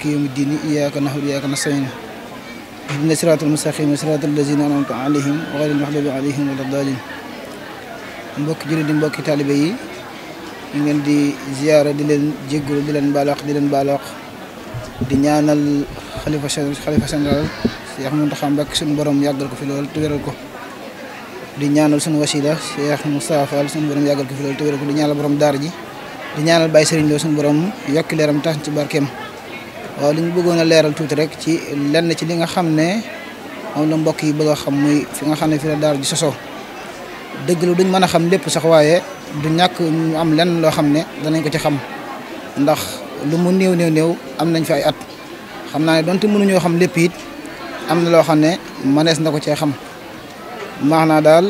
مالك يوم الدين إياك نعبد وإياك نستعين اهدنا الصراط المستقيم صراط الذين أنعمت عليهم غير المغضوب عليهم ولا الضالين di mbokki taalibe yi ñu di ziyaara di leen jéggulu di leen baalox di leen baalox di ñaanal xalifa xalifa général Cheikh Mountakha Mbacké suñu borom yàggal ko fi lool te ko di ñaanal suñu wasila Cheikh Moustapha Fall suñu borom yàggal ko fi lool te wéral ko di ñaanal borom daar ji di ñaanal Baye Serigne Lo suñu borom yokki leeram tax ci barkeem waaw li ñu bëggoon a leeral tuuti rek ci lenn ci li nga xam ne moom la mbokk yi bëgg a xam muy fi nga xam ne fi la daara ji sosoo dëgg la duñ mën a xam lépp sax waaye du ñàkk am lenn loo xam ne danañ ko ci xam ndax lu néew néew néew am nañ fi ay at xam naa ne donte mënuñoo xam lépp it am na loo xam ne mënees na ko cee xam maax daal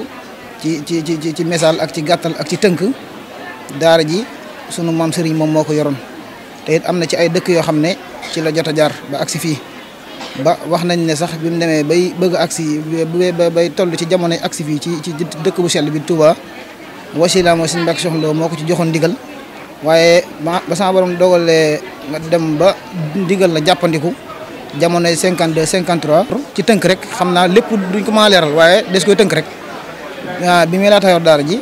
ci ci ci ci misaal ak ci gàttal ak ci tënk daar ji sunu maam Serigne moom moo ko yoroon. te am na ci ay dëkk yoo xam ne ci la jot a jaar ba agsi fii ba wax nañ ne sax bi mu demee bay bëgg agsi bay toll ci jamonoy agsi fii ci ci dëkk bu sell bi Touba wasila moo suñu Mbàkke soxla moo ko ci joxoon ndigal waaye ba sama borom dogalee nga dem ba ndigal la jàppandiku jamonoy 52 53. ci tënk rek xam naa lépp duñ ko mën leeral waaye des koy tënk rek bi muy laata yor daara ji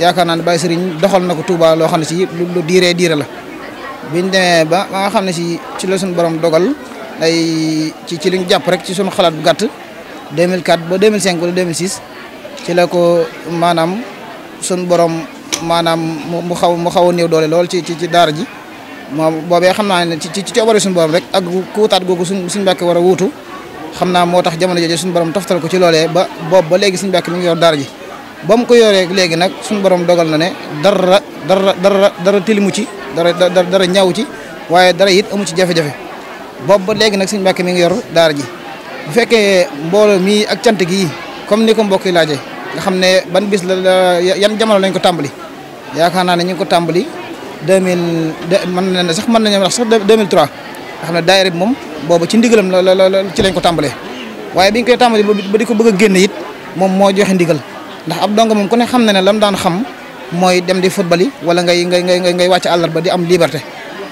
yaakaar naa ne Baye Serigne doxal na ko tuuba loo xam ne si lu diiree diire la. biñ demee ba nga xam ne si ci la suñu borom dogal ay ci ci liñ jàpp rek ci suñu xalaat bu gàtt 2004 ba 2005 wala 2006 ci la ko maanaam suñu borom maanaam mu xaw mu xaw a doole lool ci ci ci daara ji moom boobee xam naa ne ci ci coobare suñu borom rek ak kuutaat googu suñ suñ mbàkk war a wuutu xam naa moo tax jamono jooju suñu borom toftal ko ci loolee ba boobu ba léegi suñu mbàkk mi ngi yor daara ji ba mu ko yoree léegi nag suñ borom dogal na ne dara dara dara dara tilimu ci dara dara dara ñaaw ci waaye dara it amu ci jafe-jafe boobu ba léegi nag sëñ Mbàkke mi ngi yor daara ji bu fekkee mbooloo mi ak cant gi comme ni ko mbokk yi laajee nga xam ne ban bis la yan jamono lañ ko tàmbali yaakaar naa ne ñu ko tàmbali deux mille mën na ne sax mën nañu wax sax deux mille trois ne daayira moom boobu ci ndigalam la la la ci lañ ko tàmbalee waaye biñ koy tàmbali ba di ko bëgg a génne it moom moo joxe ndigal ndax ab dong moom ku ne xam na ne lam daan xam. mooy dem di football yi wala ngay ngay ngay ngay wàcc àllarba di am liberté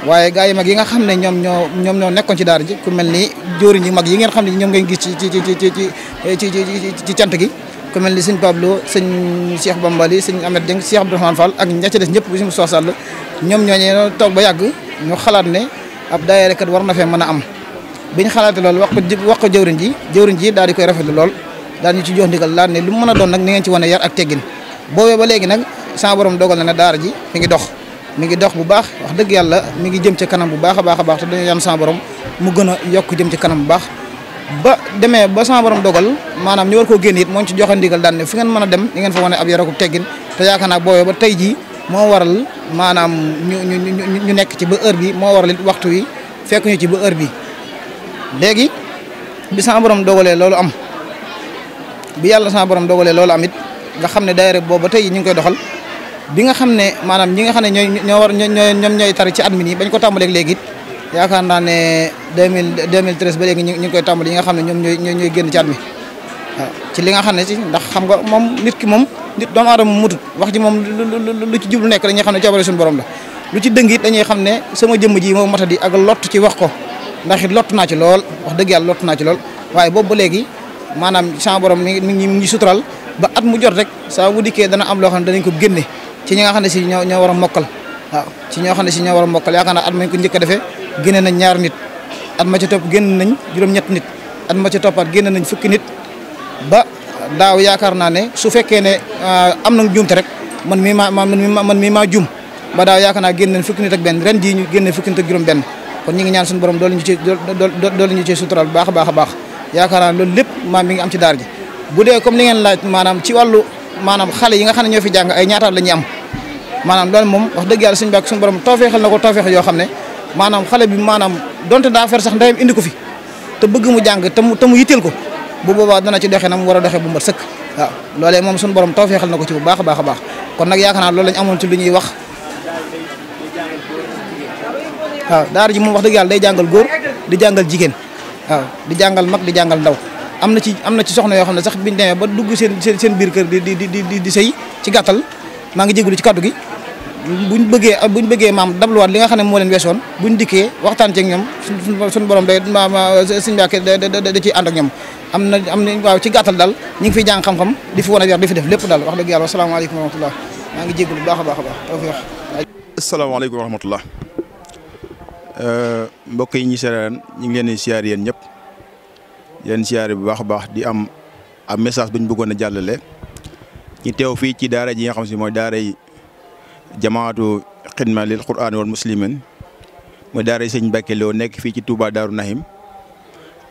waaye gars yi mag yi nga xam ne ñoom ñoo ñoom ñoo nekkoon ci daar ji ku mel ni jóoriñ yi mag yi ngeen ne ñoom ngay gis ci ci ci ci ci ci ci gi ku mel ni sëñ Pablo sëñ Cheikh Bambali sëñ Ahmed Dieng Cheikh Abdourahmane Fall ak ña ca des ñëpp bisim soo sàll ñoom ñooñu toog ba yàgg ñu xalaat ne ab daayira kat war na fee mën a am biñ xalaatee lool wax ko wax ko jëwriñ ji jëwriñ ji daal di koy rafetlu lool daal ñu ci jox ndigal daal ne lu mu mën a doon nag ni ngeen ci wane yar ak teggin boobee ba léegi saa borom dogal na ne daara ji mi ngi dox mi ngi dox bu baax wax dëgg yàlla mi ngi jëm ca kanam bu baax a baax a baax te dañu yan saa borom mu gën a yokk jëm ci kanam bu baax ba demee ba saa borom dogal maanaam ñu koo génn moo ci joxe ndigal daan ngeen mën a dem di ngeen fa wane ab yarakub teggin te yaakaar ba tey jii moo waral maanaam ñu ñu nekk ci ba heure bi moo waral waxtu wi fekk ñu ci ba heure bi léegi bi borom dogalee loolu am bi yàlla saa borom dogalee loolu am it nga xam ne daayira boobu ba tey ñu ngi koy doxal bi nga xam ne maanaam ñi nga xam ne ñooy ñoo war ñoom ñooy tar ci at mi nii bañ ko tàmbaleeg léegi it yaakaar naa ne deux mille deux ba léegi ñu ngi koy tàmbali ñi nga xam ne ñoom ñooy ñooy génn ci at ci li nga xam ne ci ndax xam nga moom nit ki moom nit a aadama mutut wax ji moom lu ci jublu nekk dañuy xam ne coobare suñu borom la lu ci dëng it xam ne sama jëmm ji moom matadi ak lott ci wax ko ndax it lott naa ci lool wax dëgg yàlla lott naa ci lool waaye boobu ba léegi maanaam sama borom mi ngi mi ngi sutural ba at mu jot rek saa bu dikkee dana am loo xam ne danañ ko génne ci ñi nga xam ne si ñoo ñoo war a mokkal xam ne si ñoo war a mokkal yaakaar naa at mañ ko njëkk a defee génne nañ ñaar nit at ma ca topp génn nañ juróom-ñett nit at ma ca toppaat génne nañ fukki nit ba daaw yaakaar naa ne su fekkee ne ah, am na juumte rek man mii maa man mii maa juum ba daaw yaakaar naa génne nañ fukki nit ak benn ren jii ñu génne fukki ak juróom benn kon ñu ngi ñaan suñu borom doole ñu ci sutural bu baax a baax baax yaakaar naa loolu lépp maa mi ngi am ci daar ji bu dee comme li ngeen laaj maanaam ci wàllu maanaam xale yi nga xam ne ñoo fi jàng ay ñaataat la ñuy am maanaam loolu moom wax dëgg yàlla suñu bàkk suñu borom na ko toofeex yoo xam ne maanaam xale bi maanaam donte daa fer sax ndeyam indi ko fi te bëgg mu jàng te mu te mu yitteel ko bu boobaa dana ci doxee na mu war a doxee bu mat sëkk waaw loolee moom suñu borom toofeexal na ko ci bu baax a baax a baax kon nag yaakaar naa loolu lañ amoon ci lu ñuy wax waaw daara ji moom wax dëgg yàlla day jàngal góor di jàngal jigéen waaw di jàngal mag di jàngal ndaw am na ci am na ci soxna yoo xam ne sax biñu demee ba dugg seen seen seen biir kër di di di di sëy ci gàttal maa ngi jégalu ci kaddu gi buñ bëggee buñ bëggee maam dabluwaat li nga xam ne moo leen weesoon buñ dikkee waxtaan ceeg ñoom suñ borom day ma suñ mbàkke da ci ànd ak ñoom am na am na waaw ci gàttal daal ñu ngi fiy jàng xam-xam di fi wan a yor di fi def lépp daal wax dëgg yàlla asalaamaaleykum wa rahmatullah maa ngi jégalu baax a baax a baax tawfiix asalaamaaleykum wa rahmatullah euh, mbokk yi ñu seeraan ñu ngi leen di siyaar yéen ñëpp yéen siyaare bu baax a baax di am am message bu ñu bëggoon a jàllale ñu teew fii ci daara ji nga xam si mooy daara yi jamaatu xidma lil quraan wal muslimin mooy daara yi sëñ Mbàkke Lo nekk fii ci Touba Daaru Nahim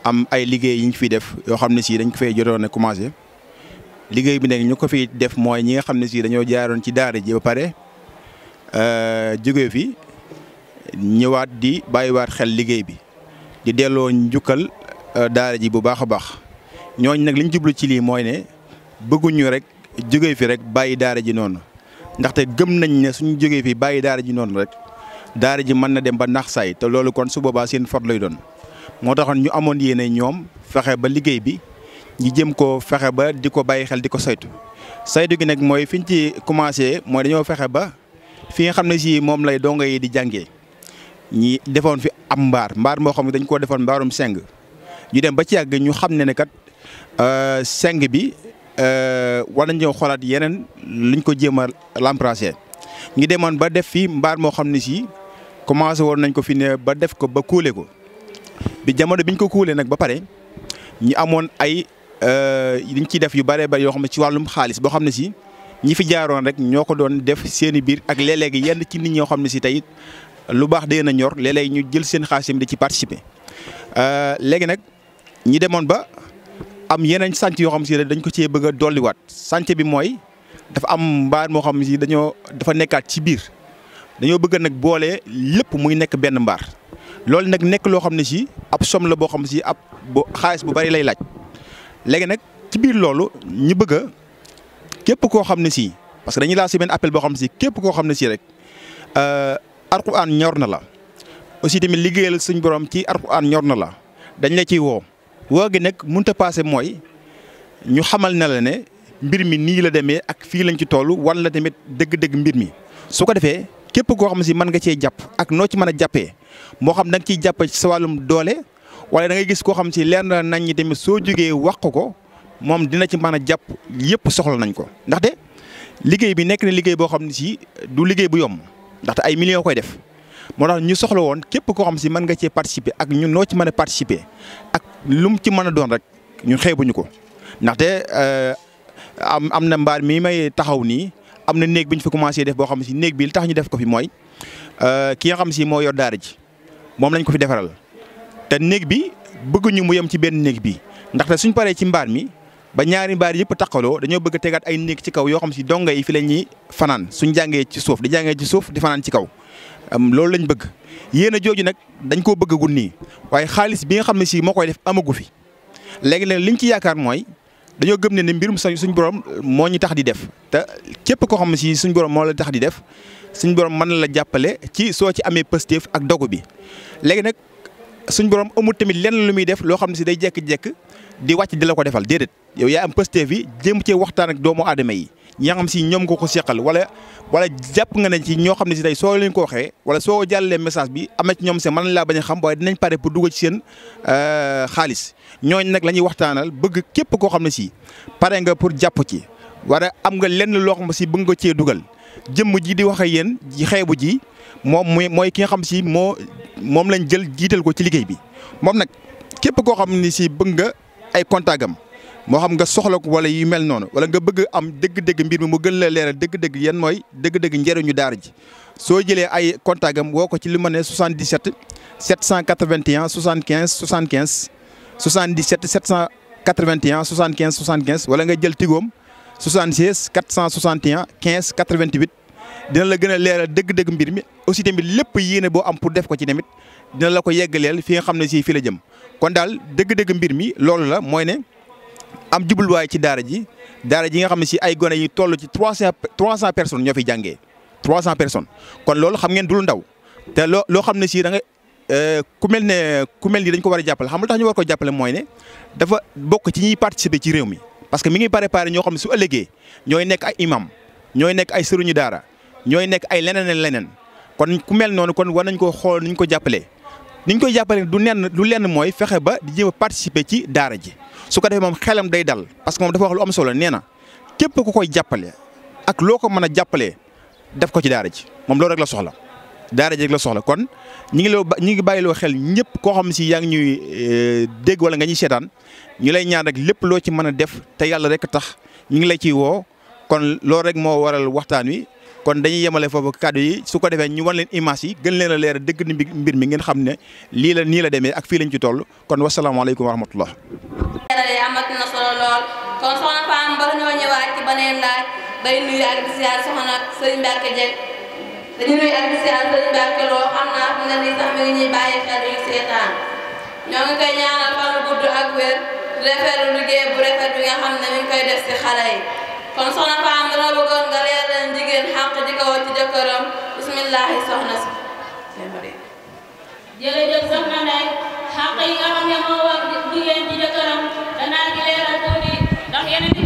am ay liggéey yi ñu def yoo xam ne sii dañ ko fay jotoon a commencé liggéey bi nag ñu ko fiy def mooy ñi xam ne sii dañoo jaaroon ci daara ji ba pare euh, jóge fi ñëwaat di bàyyiwaat xel liggéey bi di delloo njukkal Euh, daara ji bu baax a baax ñooñ nag liñ jublu ci lii mooy ne bëgguñu rek jóge fi rek bàyyi daara ji noonu ndaxte gëm nañ ne suñu jógee fi bàyyi daara ji noonu rek daara ji mën na dem ba nax saay te loolu kon su boobaa seen fot lay doon moo taxoon ñu amoon yéene ñoom fexe ba liggéey bi ñu jëm ko fexe ba di ko bàyyi xel di ko saytu saytu gi nag mooy fi ñu ci commencé mooy dañoo fexe ba fi nga xam ne si moom lay dongo yi di jàngee ñi defoon fi am mbaar mbaar moo xam ne dañ koo defoon mbaarum seng ñu dem ba ci yàgg ñu xam ne ne kat euh, seng bi euh, war nañoo xoolaat yeneen luñ ko jéem a remplacer ñu demoon ba def fi mbaar moo xam ne si commencé woon nañ ko fi ne ba def ko ba kuule ko bi jamono biñ ko kuulee nag ba pare ñu amoon ay euh, liñ ciy def yu bëree bëri yoo xam ne ci wàllum xaalis boo xam ne si ñi fi jaaroon rek ñoo ko doon def seen i biir ak léeg-léeg yenn ci nit ñoo xam ne si tey lu baax dee na ñor léeg-léeg ñu jël seen xaalis di ci participer léegi nag. ñi demoon ba am yeneen sant yoo xam si ne dañ ko cee bëgg a dolliwaat sant bi mooy dafa am mbaar moo xam ne si dañoo dafa nekkaat ci biir dañoo bëgg nag boole lépp muy nekk benn mbaar loolu nag nekk loo xam ne si ab somme la boo xam ne si ab bo xaalis bu bari lay laaj léegi nag ci biir loolu ñu bëgg a képp koo xam ne si parce que dañuy laa benn appel boo xam ne si képp koo xam ne sii rek euh, Alxuraan ñor na la aussi tamit liggéeyal suñ borom ci Alxuraan ñor na la dañ la ciy woo. woo gi nag mënut a passé mooy ñu xamal na la ne mbir mi nii la demee ak fii lañ ci toll wan la tamit dëgg-dëgg mbir mi su ko defee képp koo xam ne si mën nga cee jàpp ak noo ci mën a jàppee moo xam da nga ciy jàpp ci sa wàllum doole wala da gis koo xam si leer nañ ñi tamit soo jógee wax ko ko moom dina ci mën a jàpp yëpp soxla nañ ko ndaxte liggéey bi nekk na liggéey boo xam ne si du liggéey bu yomb ndaxte ay millions koy def moo tax ñu soxla woon képp koo xam si mën nga cee participer ak ñun noo ci mën a participer ak lu mu ci mën a doon rek ñu xeebuñu ko ndaxte euh, am am na mbaar mi may taxaw nii am na néeg bi ñu fi commencé def boo xam si néeg bi li tax ñu def ko fi mooy euh, ki nga xam si moo yor daar ji moom lañ ko fi defaral te néeg bi bëgguñu mu yem ci benn néeg bi ndaxte suñ paree ci mbaar mi. ba ñaari mbaar yëpp takkaloo dañoo bëgg a tegaat ay néeg ci kaw yoo xam si donga yi fi la ñuy fanaan suñ jàngee ci suuf di jàngee ci suuf di fanaan ci kaw am loolu lañ bëgg yéen jooju nag dañ koo bëgg gun nii waaye xaalis bi nga xam ne si moo koy def amagu fi léegi nag liñ ci yaakaar mooy dañoo gëm ne ne mbirum suñ borom moo ñu tax di def te képp koo xam ne si suñ borom moo la tax di def suñ borom mën na la jàppale ci soo ci amee positif ak dogu bi léegi nag suñ borom amul tamit lenn lu muy def loo xam ne si day jekk-jekk di wàcc di la ko defal déedéet yow yaa am positif bi jëm cee waxtaan ak doomu aadama yi. ñi nga xam si ñoom nga ko seqal wala wala jàpp nga ne ci ñoo xam ne si tey soo leen ko waxee wala soo jàllalee message bi am ñoom seen mën laa bañ a xam waaye dinañ pare pour dugg ci seen euh, xaalis ñooñ nag la ñuy waxtaanal bëgg képp koo xam ne si pare nga pour jàpp ci wala am nga lenn loo xam si bëgg nga cee dugal jëmm ji di wax ak yéen ji xeebu ji moom muy mooy ki nga xam si moo moom lañ jël jiital ko ci liggéey bi moom nag képp koo xam ni si bëgg nga ay contagam moo xam nga soxla ko wala yi mel noonu wala nga bëgg am dëgg-dëgg mbir mi mu gën la leeral dëgg-dëgg yan mooy dëgg-dëgg njëriñu daar ji soo jëlee ay contact woo ko ci li ma ne 77 781 75 75 77 781 75 75 wala nga jël tigoom 76 461 15 88 dina la gën a leeral dëgg-dëgg mbir mi aussi tamit lépp yéene boo am pour def ko ci tamit dina la ko yeggaleel fi nga xam ne sii fi la jëm kon daal dëgg mbir mi loolu la mooy ne. am jubluwaay ci daara ji daara ji nga xam ne si ay gone yi toll ci trois cent trois cent personnes ñoo fi jàngee trois cent personnes kon loolu xam ngeen du lu ndaw te loo loo xam ne si da nga euh, ku mel ne ku mel ni dañ ko war a jàppale xam lu tax ñu war ko jàppale mooy ne dafa bokk ci ñuy participer ci réew mi. parce que mi ngi préparé ñoo xam ne su ëllëgee ñooy nekk ay imam ñooy nekk ay sëriñu daara ñooy nekk ay leneen leneen kon ku mel noonu kon war nañ ko xool nuñ ko jàppale ni ñu koy jàppalee du nenn du lenn mooy fexe ba di jéem a ci daara ji su ko defee moom xelam day dal parce que moom dafa wax lu am solo nee na képp ku koy jàppale ak loo ko mën a jàppalee def ko ci daara ji moom loolu rek la soxla daara ji rek la soxla kon ñu ngi loo ñu ngi bàyyiloo xel ñëpp koo xam si yaa ngi ñuy eh, dégg wala nga ñuy seetaan ñu lay ñaan rek lépp loo ci mën a def te yàlla rek tax ñu ngi lay ciy woo kon loolu rek moo waral waxtaan wi. kon dañuy yemale foofu kàddu yi su ko defee ñu wan leen image yi gën leen a leer dëgg ni mbir mi ngeen xam ne lii la nii la demee ak fii lañ ci toll kon wasalaamaaleykum wa rahmatullah. jërëjëf amat na solo lool kon soxna Fane ba ñoo ñëwaat ci beneen laaj day nuyu ak di ziar soxna Serigne Mbacke Dieng dañuy nuyu ak di ziar Serigne Mbacke loo xam naa fi nga nii sax mi ngi ñuy bàyyi xel yu seetaan ñoo ngi koy ñaanal fan gudd ak wér rafetlu liggéey bu rafet kon soxna faam dama bëggoon nga leer leen jigéen xàq ji ko ci jëkkëram bismillahi soxna si jërëjëf soxna Ndeye xàq yi nga xam ne moo war jigéen ci jëkkëram danaa ci leeral tuuti ndax yeneen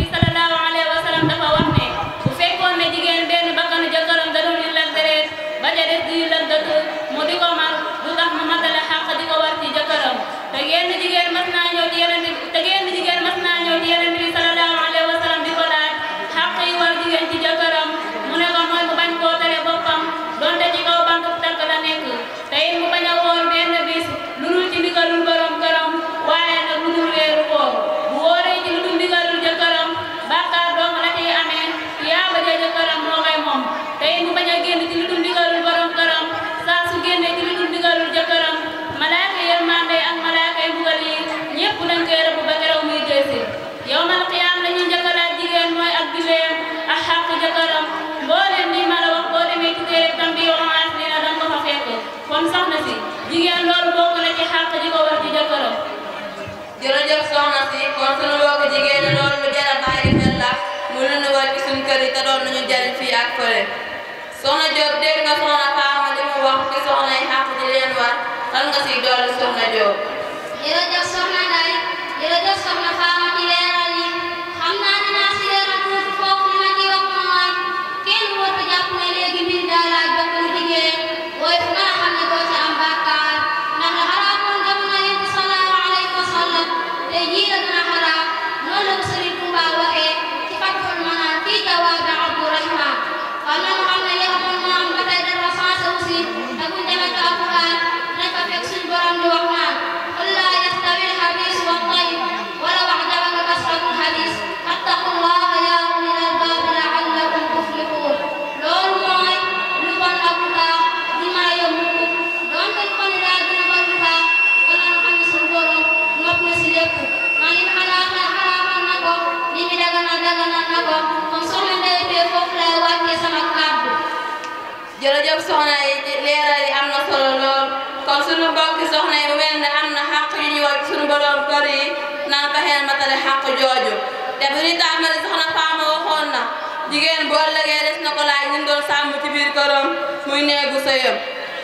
suñu borom kër yi naan fexeel matale xàq jooju te bu ñuy tàmbali soxna Faama waxoon na jigéen bu ëllëgee des na ko laaj ñu doon sàmm ci biir këram muy néegu sëyam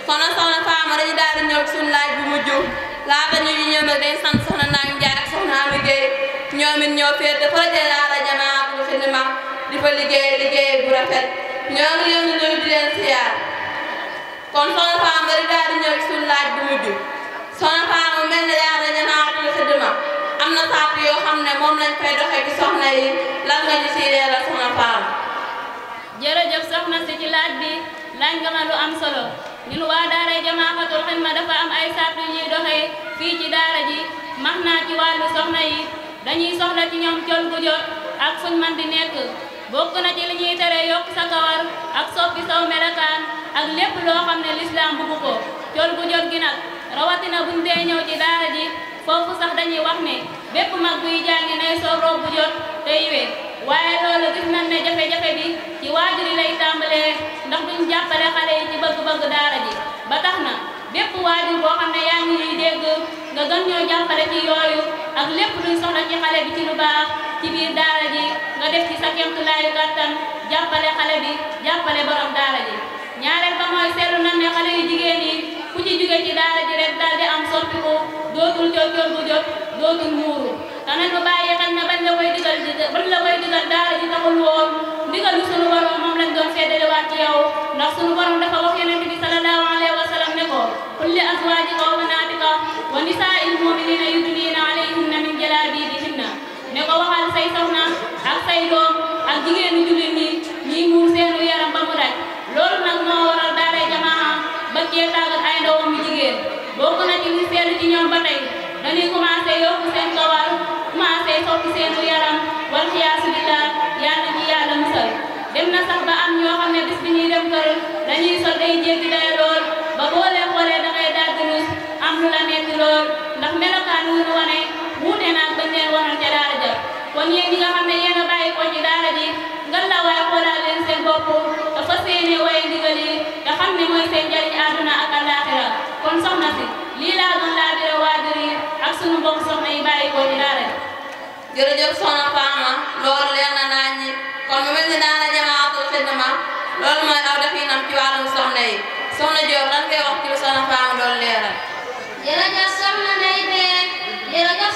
soxna soxna Faama dañu daal di ñëw suñu laaj bu mujj laata ñu ñu ñëw nag day sant soxna Naam Njaay ak soxna Ami Géey ñoom it ñoo féete fa daara Janaatul Xidma di fa liggéey liggéey bu rafet ñoo ngi di nuyu di leen kon soxna Faama dañu daal di ñëw laaj bu mujj soxna Faama mel na am na saako yoo xam ne moom soxna yi bi laaj nga ma lu am dafa am ay saako yu ñuy doxee fii ci daara ji max naa ci wàllu soxna yi dañuy soxla ci col gu jot ak fuñ man di nekk bokk na ci li ñuy tere yokk sa kawar ak soppi saw melokaan ak lépp loo xam ne lislaam bugg ko col gu jot gi rawatina buñ dee ci daara ji. foofu sax dañuy wax ne bépp mag buy jàngi nay soo roog bu jot tey wee waaye loolu gis nañ ne jafe-jafe bi ci waajur yi lay tàmbalee ndax duñ jàppale xale yi ci bëgg-bëgg daara ji ba na bépp waajur boo xam ne yaa ngi ñuy dégg nga gën ñoo jàppale ci yooyu ak lépp luy soxla ci xale bi ci lu baax ci biir daara ji nga def ci sa kemtulaayu kàttan jàppale xale bi jàppale borom daara ji ñaareel ba mooy seetlu ne xale yu jigéen ku ci jóge ci daal di am soppi ko dootul coccoor bu muuru te nañ ko na bañ la koy digal bañ la koy digal daara ji taxul woon digalu sunu borom moom lañ doon seedaliwaat ci yow ndax sunu borom dafa wax yonent bi sallallahu alayhi wa sallam ne ko qul li azwaajika wa banaatika wa nisaa'il mu'miniina yudniina alayhinna min jalaabiibihinna ne ko waxal say soxna ak say doom ak jigéenu jullit ñi ñuy seenu yaram ba mu daj loolu nag moo cee tàggat ay ndawam yu jigéen bokk na ci li seetlu ci ñoom ba tey dañuy commencé yokku seen kawar commencé seenu yaram wal xiyaasu billah yàlla ci yàlla musal dem na sax ba am ñoo ne bis bi ñuy dañuy sol day jéggi day lool ba boo leen xoolee dangay daal di am lu la metti lool ndax melokaan wu ñu wane wuute naag bañ leen waral ca daara ja kon yéen ne yéen a bàyyi ko ci daara ji nga la waay xoolaat leen seen bopp. fas yéene waaye ndigal yi nga xam ne mooy seen njariñ àdduna ak àllaaxira kon soxna si lii laa doon laabire waajur yi ak sunu mbokk soxna yi bàyyi ko ci daara jërëjëf soxna Fama loolu leer na naa ñi kon mu mel ni daara jamaatul xidma loolu mooy aw definam ci wàllum soxna yi soxna Diop lan ngay wax ci soxna Fama loolu leeral jërëjëf soxna Ndeye Diop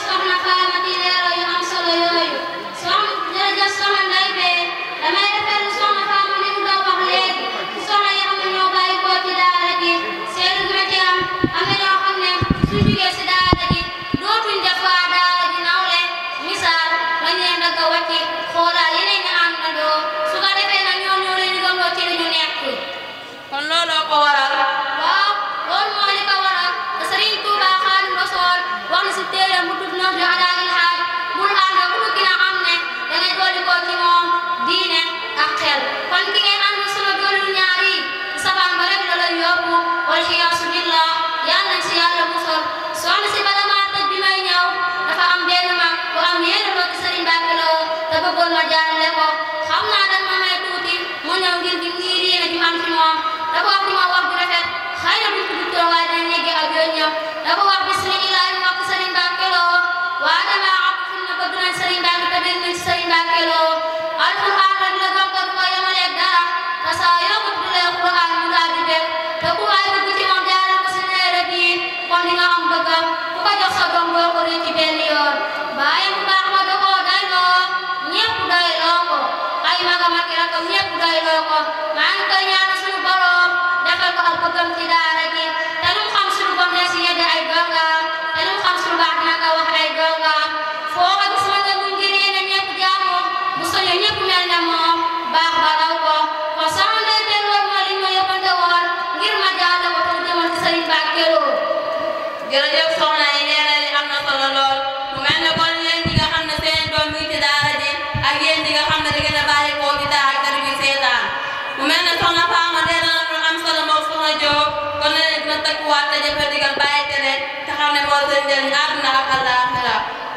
a àdduna ak àllaaxira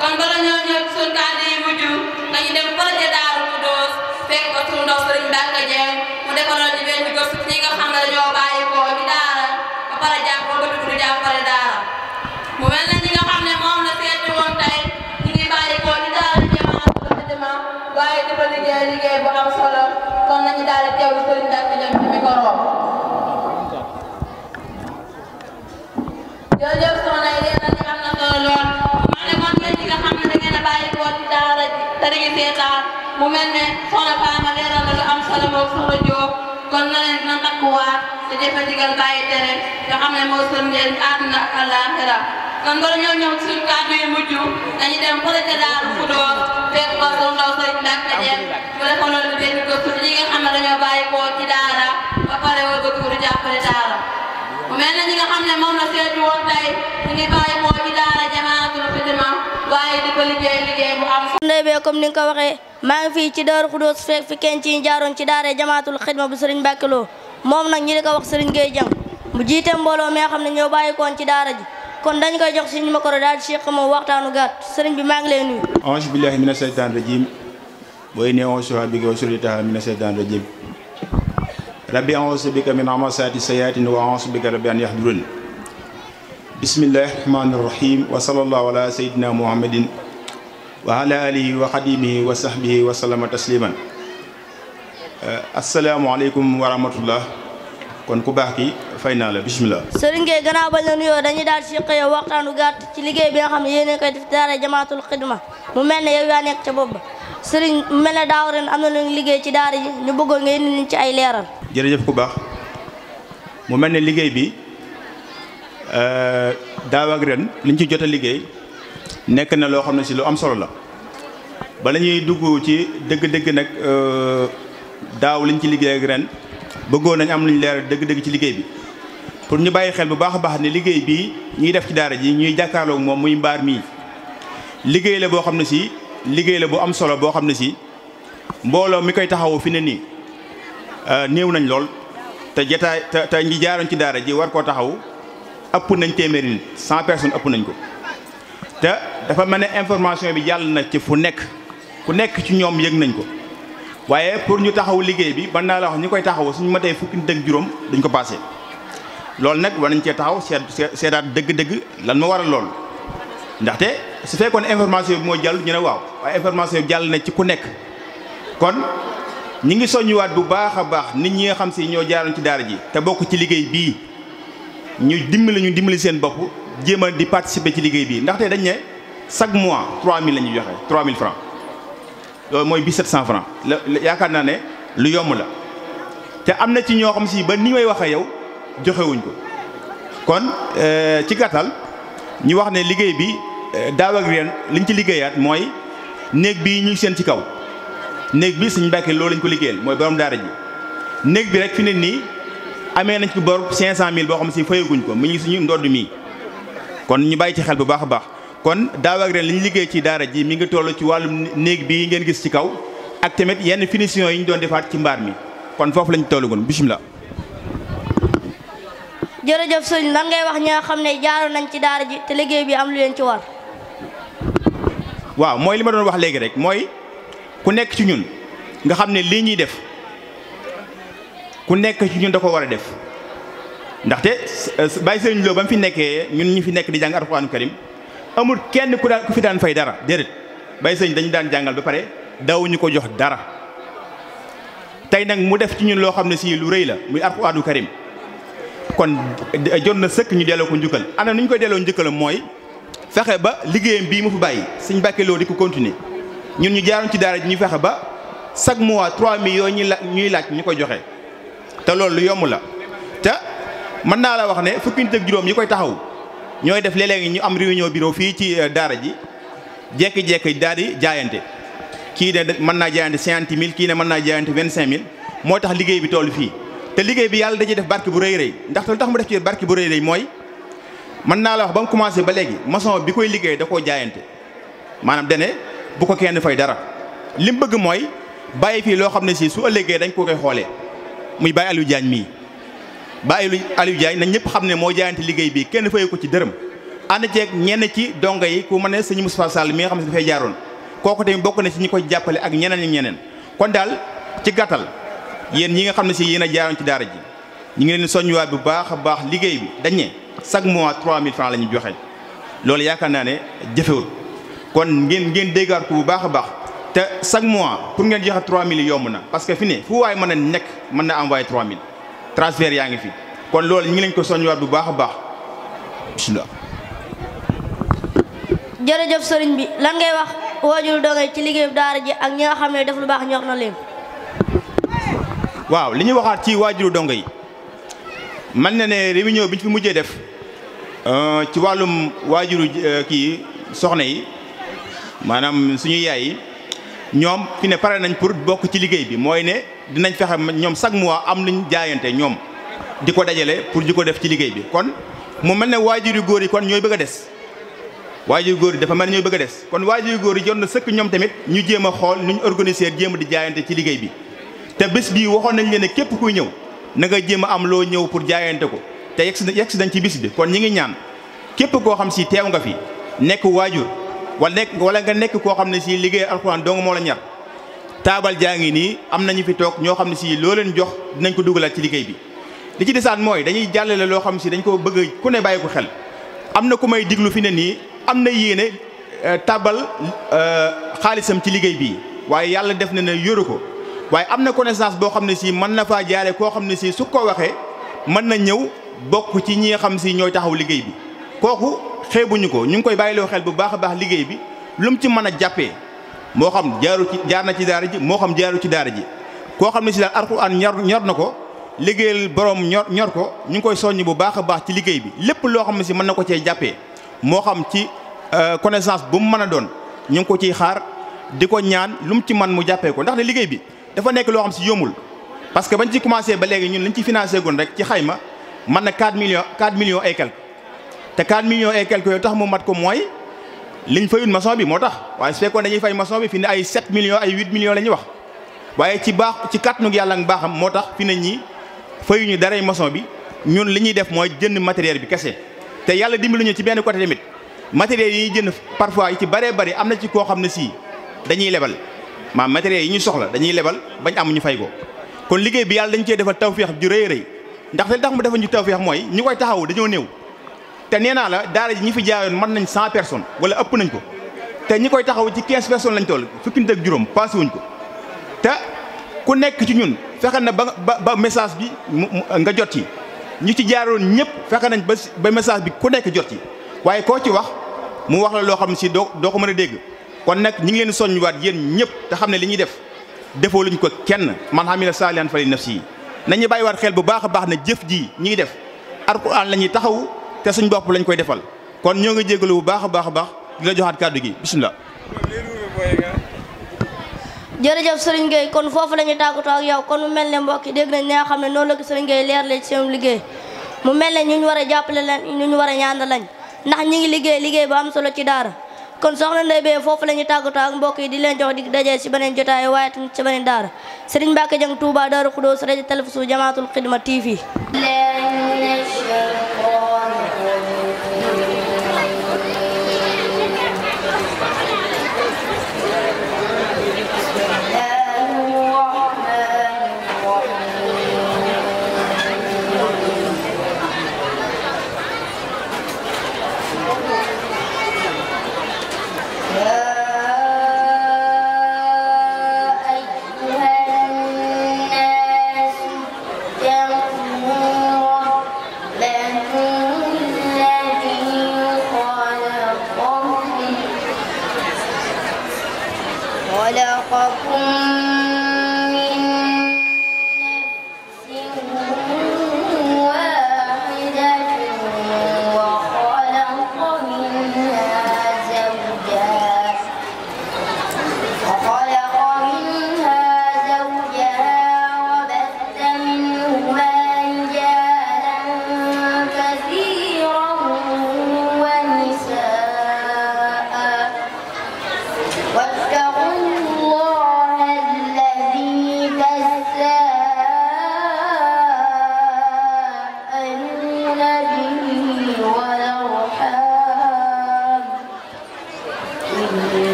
kon bala ñoo ñëw suñu kàddu yi mujj nañu dem fële ca Daaru Kudoos fekk ko suñu ndaw mu defaloon ñu ñi nga xam ne dañoo bàyyi ko ci daara ba pare jàppoo ba dugg ñi nga xam ne moom la seeti woon tey ñu ngi bàyyi ko ci daara bu am solo kon nañu daal di teewlu sëriñ Mbacke Dieng ci micro seetaan mu mel ne soxna Fama leeral na lu am solo moom soxna Diop kon na leen dina takkuwaat te jëfe digal tere nga xam ne moo sën leen àdduna ak àllaaxira kon bala ñoo ñëw suñu kàddu yu mujj dañuy dem fële ca Daaru Xudóor fekk ko suñu ndaw sëñ Ndak Ndiaye bu defoon loolu benn gëstu ñi nga xam ne dañoo daara ba pare woo bëgg pour daara mu mel ne ñi xam ne moom la seetu woon tey ñu ngi bàyyi koo waaye di sunday bee comme ni nga ko waxee maa ngi fii ci Daaru Xudoos fekk fi kenn ci jaaroon ci daara jamaatul xidma bu sëriñ Mbàkke Lo moom nag ñi di ko wax sëriñ Gueye Dieng mu jiite mbooloo mi xam ne ñoo bàyyikoon ci daara ji kon dañ koy jox suñu micro daal Cheikh moom waxtaanu gàtt sëriñ bi maa ngi lay nuyu ange billahi mina seytaan rajim booy ne ange soha bi ko solitaha mina seytaan rajim rabbi ange bika min amasati sayatin wa ange bika rabbi an yahdurun bismillahi rahmaani rahim wa sallallahu ala sayyidina muhammadin wa ala alihi wa xadimihi wa sahbihi wa sallama tasliman uh, asalaamaaleykum wa rahmatullah kon ku baax ki fay naa la bismillah sëriñ Gueye gannaaw bañ la nuyoo dañuy daal si xëy waxtaanu gàtt ci liggéey bi nga xam ne koy def jamaatul xidma mu mel ne yow yaa ca bopp ba sëriñ mu mel ne daaw ren am na lu liggéey ci daara ji ñu bëggoon nga indi ñu ci ay leeral jërëjëf ku baax mu mel ne liggéey bi Euh, daaw ak ren liñ ci jot a liggéey nekk na loo xam ne si lu am solo la bala ñuy dugg ci dëgg-dëgg nag euh, daaw liñ ci liggéey ak ren bëggoon nañ am luñ leer dëgg-dëgg ci liggéey bi pour ñu bàyyi xel bu baax a baax ne liggéey bii ñuy def ci daara ji ñuy jàkkaarloog moom muy mbaar mii liggéey la boo xam ne si liggéey la bu am solo boo xam ne si mbooloo mi koy taxawu fi ne nii euh, néew nañ lool te jataay te te ñi jaaroon ci daara ji war koo taxaw ëpp nañ téeméeri nit cent personnes ëpp nañ ko te dafa mel ne information bi jàll na ci fu nekk ku nekk ci ñoom yëg nañ ko waaye pour ñu taxaw liggéey bi ban naa la wax ñu koy taxaw suñu matee fukki nit ak juróom dañ ko passé loolu nag war nañ cee taxaw seet seedaat dëgg-dëgg lan moo a lool ndaxte su fekkoon information bi moo jàll ñu ne waaw waaye information bi jàll na ci ku nekk kon ñi ngi soññuwaat bu baax a baax nit ñi nga xam si ñoo jaaral ci daara ji te bokk ci liggéey bii ñu dimbali ñu dimbali seen bopp jéem a di participer ci liggéey bi ndaxte dañ ne chaque mois 3000 la ñuy joxe 3000 francs loolu mooy 1700 francs la yaakaar naa ne lu yomb la te am na ci ñoo xam si ba ni may waxee yow joxewuñ ko kon euh, ci gàttal ñu wax ne liggéey bi euh, daaw ak liñ ci liggéeyaat mooy néeg bi ñuy seen ci kaw néeg bi suñu mbàkke loolu lañ ko liggéeyal mooy borom daara ji néeg bi rek fi ne nii. amee nañ ci bor 500000 boo xam ne si fayaguñ ko mu ngi suñu ndodd mii kon ñu bàyyi ci xel bu baax a baax kon daaw li ñu liggéey ci daara ji mi ngi toll ci wàllum néeg bii ngeen gis ci kaw ak tamit yenn finition yi ñu doon defaat ci mbaar mi kon foofu lañu lañ tollagoon bisimilah. jërëjëf sëñ lan ngay wax ñi xam ne jaaroon nañ ci daara ji te liggéey bi am lu leen ci war. waaw mooy li ma doon wax léegi rek mooy ku nekk ci ñun nga xam ne lii ñuy def. ku nekk ci ñun da ko war a def ndaxte euh, Baye Serigne Lo ba mu fi nekkee ñun ñu fi nekk di jàng alxuraanu karim amul kenn ku daal ku fi daan fay dara déedéet Baye Serigne dañu daan jàngal ba pare dawuñu ko jox dara tey nag mu def ci ñu loo xam ne si lu rëy la muy alxuraanu karim kon jon na sëkk ñu delloo ko njukkal ana nu ñu koy delloo njukkalam mooy fexe ba liggéeyam bii mu fi bàyyi suñ Mbacké Lo di ko continuer ñun ñu jaaroon ci daal ji ñu fexe ba chaque mois 3000 yooyu ñuy laaj ñuy laaj ñu koy joxe. te loolu lu yomb la te mën naa la wax ne fukki nit juróom yi koy taxaw ñooy def léeg-léeg ñu am réunion bureau fii ci euh, daara ji jékki-jékki daal di jaayante kii ne mën naa jaayante cinquante mille kii ne mën naa jaayante vingt cinq mille moo tax liggéey bi toll fii te liggéey bi yàlla dañuy def barke bu rëy rëy ndax lu tax mu def ci barke bu rëy rëy mooy mën naa la wax ba mu commencé ba léegi maçon bi koy liggéey da koo jaayante maanaam dene bu ko kenn fay dara lim bëgg mooy bàyyi fii loo xam ne si su ëllëgee dañ ko koy xoolee muy Baye Aliou Diagne mii Baye Aliou Diagne nag ñëpp xam ne moo jaayante liggéey bi kenn fayu ko ci dërëm ànd ceeg ñenn ci dongo yi ku mën ne sëñ Moustapha Sall mi nga xam ne dafay jaaroon kooku tamit bokk na si ñu koy jàppale ak ñeneen ak ñeneen kon daal ci gàttal yéen ñi nga xam ne si yéen a jaaroon ci daara ji ñu ngi leen soññuwaat bu baax a baax liggéey bi dañ ne chaque mois 3000 francs la ñu joxe loolu yaakaar naa ne jëfewul kon ngeen ngeen déggaat ko bu baax a baax te chaque mois pour ngeen joxe 3000 yi yomb na parce que fi ne fu waay mën a nekk mën na envoyé 3000 transfert yaa ngi fi kon lool ñu ngi leen ko soññiwaat bu baax a baax bisimilah. jërëjëf sëriñ bi lan ngay wax waajur dongay ci liggéeyu daara ji ak ñi xam ne def lu baax ñor na leen. waaw li ñu waxaat ci waajuru dongo yi man na ne réunion bi ñu fi mujjee def euh, ci wàllum waajuru euh, kii soxna yi maanaam suñu yaay yi. ñoom fi ne pare nañ pour bokk ci liggéey bi mooy ne dinañ fexe ñoom chaque mois am nañ jaayante ñoom di ko dajale pour di ko def ci liggéey bi kon mu mel ne waajur yu góor yi kon ñooy bëgg a des waajur yu góor yi dafa mel ne ñooy bëgg a des kon waajur yu góor yi jot na sëkk ñoom tamit ñu jéem a xool nu ñu organiser jéem di jaayante ci liggéey bi te bés bii waxoon nañ leen ne képp kuy ñëw na nga jéem a am loo ñëw pour jaayante ko te yegg si si nañ ci bis bi kon ñi ngi ñaan képp koo xam si teew nga fi nekk waajur wala nekk wala nga nekk koo xam ne si liggéey alxuraan dong moo la ñor taabal jaa ngi nii am na ñu fi toog ñoo xam ne si loo leen jox dinañ ko dugalaat ci liggéey bi li ci desaat mooy dañuy jàllale loo xam si dañ ko bëgg ku ne bàyyi xel am na ku may diglu fi ne nii am na yéene euh, taabal euh, xaalisam ci liggéey bi waaye yàlla def na ne yoru ko waaye am na connaissance boo xam ne sii mën na faa jaare koo xam ne si su ko waxee mën na ñëw bokk ci ñi xam si ñooy taxaw liggéey bi xeebuñu ko ñu ngi koy bàyyiloo xel bu baax baax liggéey bi lu mu ci mën a jàppee moo xam jaaru ci jaar na ci daara ji moo xam jaaru ci daara ji koo xam ne si daal alxuraan ñor ñor na ko liggéeyal borom ñor ñor ko ñu ngi koy soññ bu baax a baax ci liggéey bi lépp loo xam ne si mën na ko cee jàppee moo xam ci euh, connaissance bu mu mën a doon ñu ngi ko ciy xaar di ko ñaan lu mu ci man mu jàppee ko ndax ne liggéey bi dafa nekk loo xam si yombul parce que bañ ci ba léegi ñun liñ ci financé goon rek xayma man na 4 millions 4 millions et quelques te 4 millions et quelques yoo tax mu mat ko mooy liñ fayul maçon bi moo tax waaye su fekkoon dañuy fay maçon bi fi ne ay 7 millions ay 8 millions la ñuy wax waaye ci baax ci kàttanu yàlla ak baaxam moo tax fi ne ñi fayuñu daray maçon bi ñun li ñuy def mooy jënd matériel bi kese te yàlla dimbali ñu ci benn côté tamit matériel yi ñuy jënd parfois yi ci bëree bëri am na ci koo xam ne sii dañuy lebal maam matériel yi ñu soxla dañuy lebal bañ am ñu fay ko kon liggéey bi yàlla dañ cee defal tawféex ju rëy rëy ndax li tax mu defal ñu tawféex mooy ñi koy taxaw dañoo néew te nee naa la daara ji ñi fi jaaroon mën nañ cent personnes wala ëpp nañ ko te ñi koy taxaw ci quinze personnes lañ toll fukki nit juróom passé wuñ ko te ku nekk ci ñun fexe na ba ba ba message bi nga jot yi ñu ci jaaroon ñëpp fexe nañ ba ba message bi ku nekk jot yi waaye koo ci wax mu wax la loo xam si doo doo ko mën a dégg kon nag ñi ngi leen soññuwaat yéen ñëpp te xam ne li ñuy def defoo luñ ko kenn man fa saalihan fali nafsi nañu bàyyiwaat xel bu baax a baax na jëf ji ñi ngi def alquran taxaw te suñ bopp lañ koy defal kon ñoo ngi jégalu bu baax a baax a baax di la joxaat kàddu gi bisimilah. jërëjëf Serigne Gueye kon foofu la ñuy tàggatoo ak yow kon mu mel ne mbokk yi dégg nañ ne xam ne noonu la ko Serigne leer leen ci seen liggéey mu mel ne ñu ñu war a jàppale lañ ñu war a ñaan lañ ndax ñu ngi liggéey liggéey ba am solo ci daara kon soxna Ndeye Beye foofu la ñuy tàggatoo ak mbokk yi di leen jox di daje ci beneen jotaay waaye tamit ci beneen daara Serigne Mbacke Dieng Touba Darou Khoudoss rajo Télévision Jamaatul Xidma TV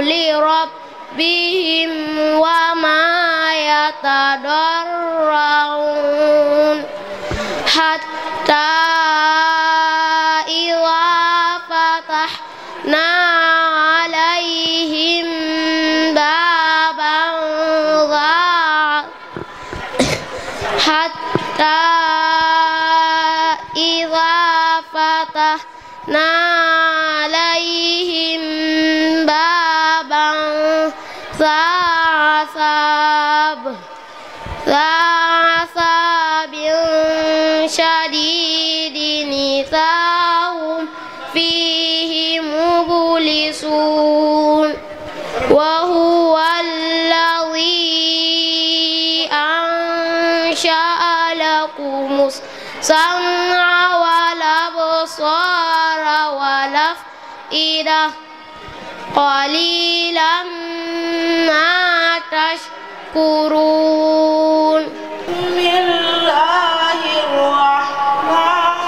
لربهم وما يتضرعون حتى السمع والأبصار والأفئدة قليلا ما تشكرون بسم الله الرحمن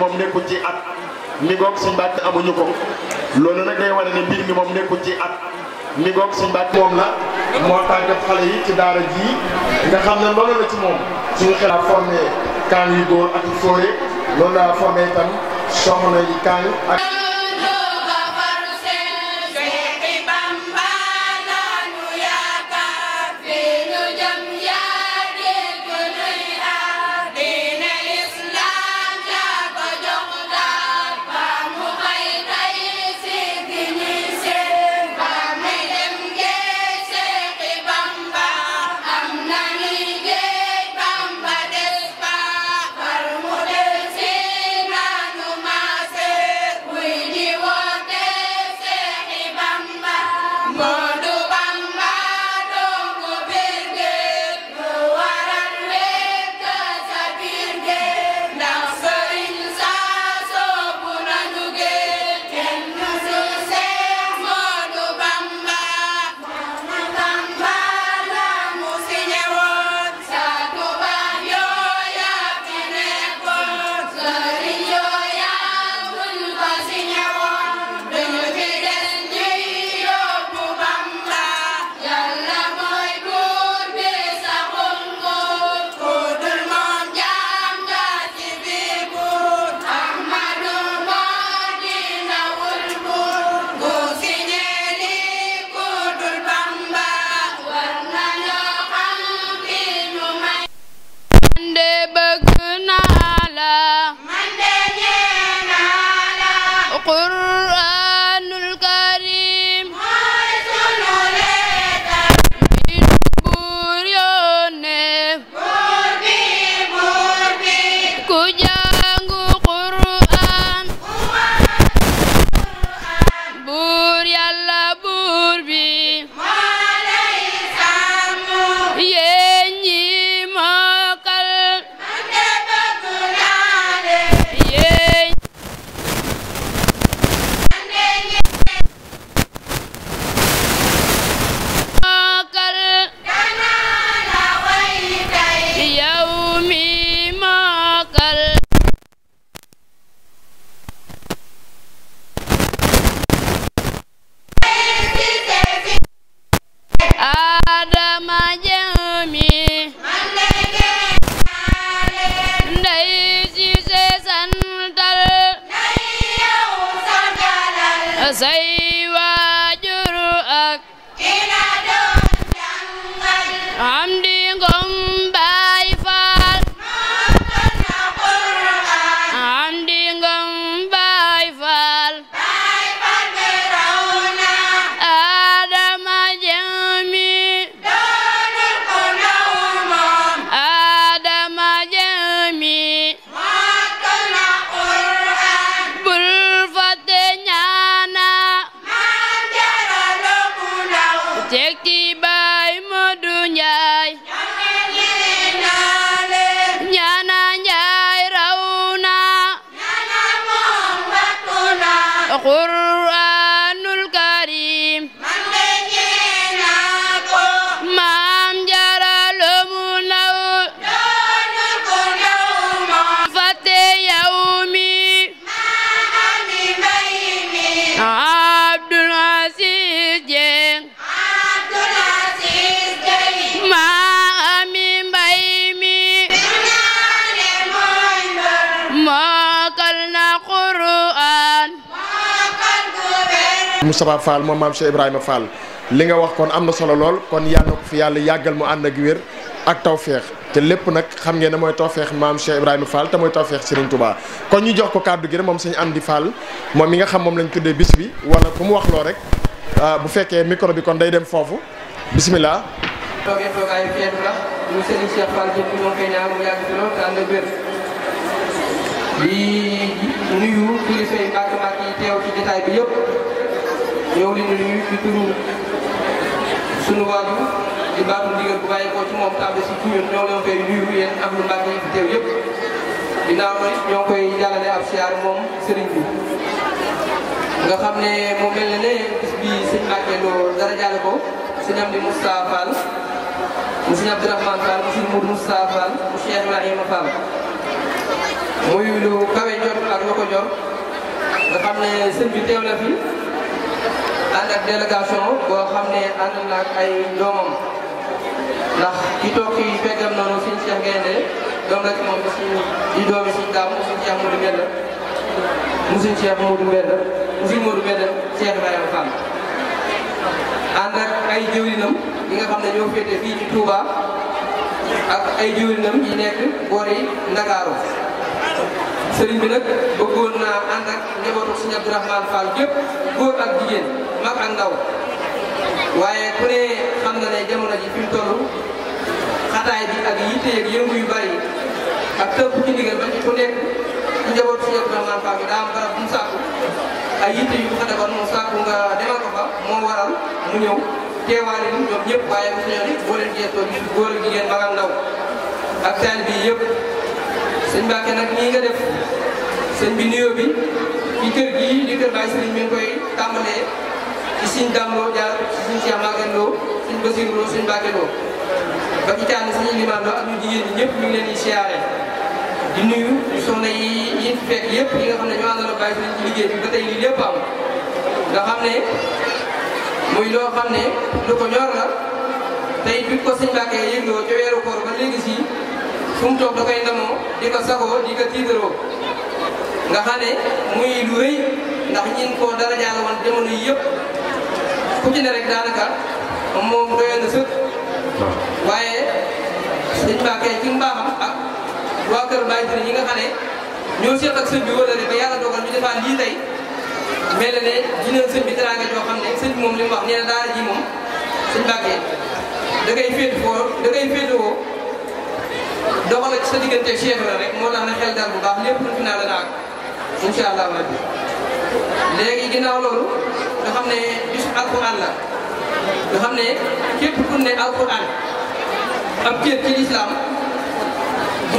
moom nekkul ci at mi goog suñ bàkk amuñu ko loolu nag day wane ne mbir mi moom nekkul ci at mi goog suñ bàkk moom la moo tàggat xale yi ci daara jii nga xam ne loolu ci moom suñu xel a formé kaan yu góor ak yu fóore loolu laa formé itam soxna yi kaan ak Moustapha faal moom maam Cheikh Ibrahima Fall li nga wax kon am na solo lool kon yàlla ko fi yàlla yàggal mu ànd ak wér ak tawféex te lépp nag xam ngeen ne mooy tawféex maam Cheikh Ibrahima Fall te mooy tawféex Serigne Touba kon ñu jox ko kàddu gi rek moom sëñ Amdi Fall moom mi nga xam moom lañu tuddee bis bi wala ku mu wax loo rek ah, bu fekkee micro bi kon day dem foofu bisimilah. toogee toogaayu kenn bi yëpp. ñoo ngi leen di nuyu ci turu sunu waajur di baatu ndigal bu bàyyi ko ci moom tàbbi si ci ñoo koy jàllale ab siyaar moom sëriñ bi. nga xam ne mu mel ne bis bi sëñ Mbàkke loo dara jàll ko sëñ Amdi Moustapha Fall mu sëñ Abdourahmane Fall mu mu Cheikh Ibrahima Fall muy lu kawe jot ko jot nga xam ne sëñ bi teew la fi. ànd ak délégation boo xam ne ànd na ak ay doomam ndax ki toog fii fekkam noonu suñu Cheikh Gaynde doom la ci moom si di doomi suñu daam mu suñu mu mu suñu Modou Mbenda Cheikh Ibrahima ànd ak ay jëwrinam yi nga xam ne ñoo féete fii ci Touba ak ay jëwrinam yi nekk boori Ndakaaru sëriñ bi nag bëggoon naa ànd ak njabootu sëñ Abdourahmane Fall gépp góor ak jigéen mag ak ndaw waaye ku ne xam na ne jamono ji fi mu toll bi ak yitte yeeg yëngu yu bari ak tëb ci ndigal ba ci ku nekk njabootu sëñ Abdourahmane Fall bi daa am bu mu ay yitte yu mu xatagoon mu sàkku nga demal ko fa moo waral mu ñëw teewaale ñoom ñëpp waaye bu ñu ñëwee boo leen jeexoo góor ak jigéen mag ak ndaw ak taal bi yëpp. sëñ Mbacke nag nii nga def sëñ bi nuyoo bi ci kër gii di kër Baye Serigne mi ngi koy tàmbalee ci sëñ Damloo jaar ci sëñ Cheikh Maguette Lo ba ci caani sëñ Limam ak ñu jigéen ñi ñëpp ñu leen di siyaare di nuyu soxna yi yi fi fekk yëpp yi nga xam ne ñoo àndal ak Baye liggéey bi ba tey lii lépp am nga xam ne muy loo xam ne lu ko ñor la tey bi ko sëñ Mbacke yëgloo ca weeru koor ba léegi si fu mu toog da koy ndamoo di ko sagoo di ko tiitaroo nga xam ne muy lu ndax ñin koo dara jaala woon jamono yi yëpp ku ci ne rek daanaka moom doyoon na sëkk waaye sëñ Mbàkke ci mbaaxam ak waa kër Baay Tëri ñi nga ñoo seq ak sëñ bi wala ne ba yàlla dogal ñu defaa tey mel na ne dinañ sëñ bi teraanga joo xam ne sëñ bi moom li mu wax nee na daara ji moom sëñ Mbàkke da ngay féetewoo da ngay féetewoo doxal ak sa diggante Cheikh rek moo tax xel dal bu baax lépp lu fi naan la ak incha allah rabbi léegi ginnaaw loolu nga xam ne bisu alquran la nga xam ne képp ku ne alquran ab cër ci lislaam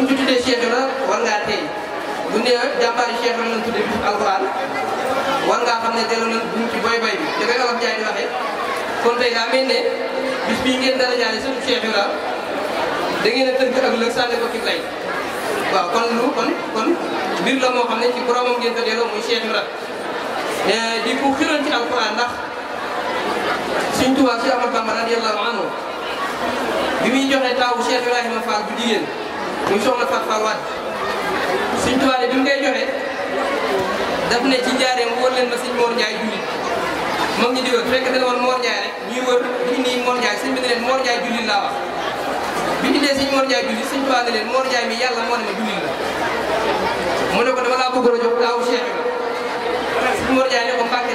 tuddee Cheikh la war ngaa tey bu ne jàmbaari Cheikh la lañ tuddee bisu alquran war ngaa xam ne delloo nañ buñ ci boy bay bi dafay wax jaay di waxee kon tey daa mel ne bis dara jaay suñu Cheikh la. da ngeen lëg sànni ko ci waaw kon lu kon kon mbir la moo xam ne ci boromam ngeen ko delloo muy Cheikh Ibra eh, di ku xiroon ci alquran ndax Sëriñ Tuubaa Cheikh Ahmadou Bamba radiyallahu anhu bi muy joxe taawu Cheikh Ibrahima Fall mu koy joxe daf ne ci njaareem wóor leen ma sëñ Mor Ndiaye jullit moom ñu di wër fekk dana woon Mor Ndiaye rek ñuy wër fii nii Mor Ndiaye sëñ bi ne leen Mor Ndiaye laa wax bi ñu nee sëñ Mor Ndiaye julli sëñ Tuubaa mi yàlla moo ne ma julli la mu ne ko dama laa ko Mbàkke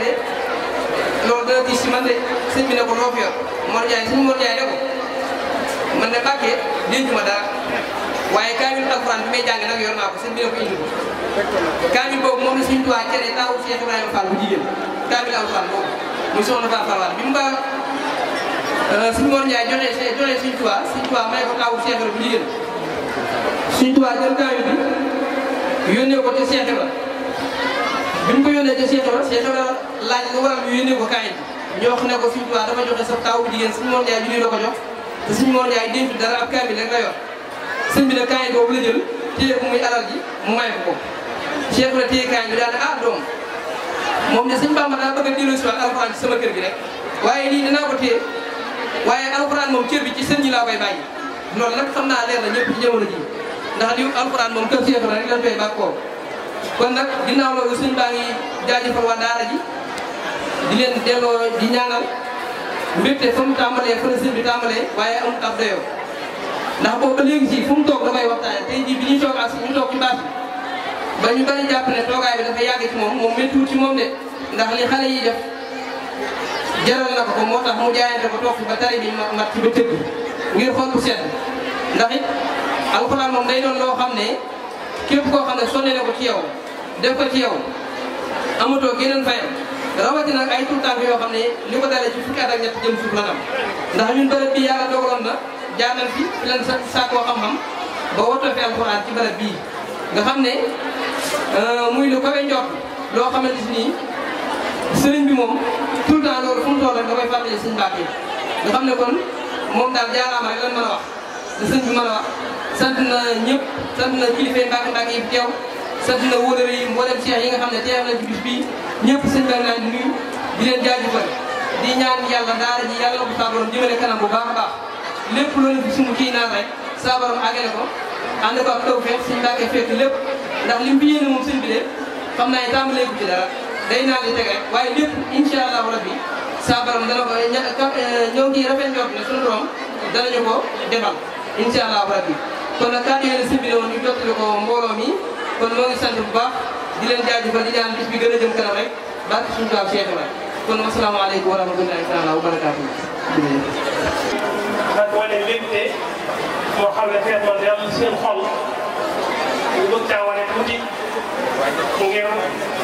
de loolu dana tiis si man de sëñ bi ne ko loo fi yor Mor Ndiaye sëñ Mor Ndiaye ne ko man de Mbàkke denc ma dara waaye kaamil alxuraan bi may jàng nag yor naa ko sëñ bi ne ko indi ko kaamil boobu moom la sëñ Tuubaa cere daawu Cheikh Ibrahima Fall bu jigéen kaamil alxuraan boobu muy soxna Fall Fall bi mu Euh, suñu Mor Ndiaye joxe joxe suñu Tuubaa suñu Tuubaa may ko taawu Cheikh Ibra bu jigéen suñu Tuubaa jël kaamil bi yónnee ko ca Cheikh Ibra bi ñu ko yónnee ca Cheikh Ibra Cheikh Ibra laaj lu waral ñu yónnee ko kaamil bi ñu wax ne ko suñu Tuubaa dafa joxe sa taawu jigéen suñu Mor Ndiaye junni la ko jox te suñu Mor Ndiaye dénk dara ab kaamil rek la yor sëñ bi nag kaamil boobu la jël téye ko muy alal ji mu may ko ko Cheikh Ibra téye kaamil bi daal ne ah doom moom ne sëñ Bamba daa bëgg a dellusiwaat alxuraan ci sama kër gi rek waaye lii dinaa ko téye waaye alxuraan moom cër bi ci sëñ ñi laa koy bàyyi lool nag xam naa leer na ñëpp ci jamono ji ndax li alxuraan moom kër Cheikh Ibra rek lañ koy bàkkoo kon nag ginnaaw loolu sëñ baa ngi jaajëfal waa daara ji di leen delloo di ñaanal mbégte fa mu tàmbalee fa la sëñ bi waaye amul ab doyoo ndax boobu ba léegi ci fu mu toog damay waxtaane tey jii bi ñuy toog ak si ñu toog ci baas bari jàpp ne toogaay bi dafa yàgg ci moom moom méttiwul ci moom de ndax li xale def jaral na ko moo tax mu jaayante ko toog fi ba tari bi mat ci ba tëgg ngir xol bu sedd ndax it alxuraan moom day doon loo xam ne képp koo xam ne sonne ko ci yaw def ko ci yow amatoo geneen fayam rawatina nag ay tuutànk yoo xam ne li ko dalee ci fukki at ak ñett jëm suuf lan am ndax bi yàlla dogaloon na jaanal fi saakoo xam-xam ba wootoo fi alxuraan ci bërëb bii nga xam ne euh, muy lu kawe njort loo xamante nii sëriñ bi moom tout le temps loolu fu mu toll rek da koy fàttali ne kon moom daal jaaraama rek lan mën a wax da sëñ bi mën a wax sant na ñëpp sant na kilifa Mbacke Mbacke yi teew sant na wóolare yi mboolem xam ne teew nañ ci bis bii ñëpp sëñ Mbacke naa di nuyu di leen jaajëfal di ñaan yàlla daara ji yàlla ko saabaroon jëmale kanam bu baax a baax lépp loolu fi suñu kii naan rek saabaroon àggale ko ànd ko ak taw ndax li mu fi yéene bi de xam naa tàmbaleegu ci dara day naa di teg rek waaye lépp incha rabbi saa borom dana ko ñoo ngi eh, rafet njort ne suñu borom danañu ko defal incha allahu rabbi kon nag kàddu yéen simbi la woon ñu ko mbooloo mi kon moo ngi sant bu baax di leen jaajëfal di ñaan bis bi gën a jëm kanam rek barke suñu tubaab Cheikh Ibrahima kon asalaamaaleykum wa rahmatulahi taala wa barakaatuhu. ndax wane mbégte xol ñu mu ngeen.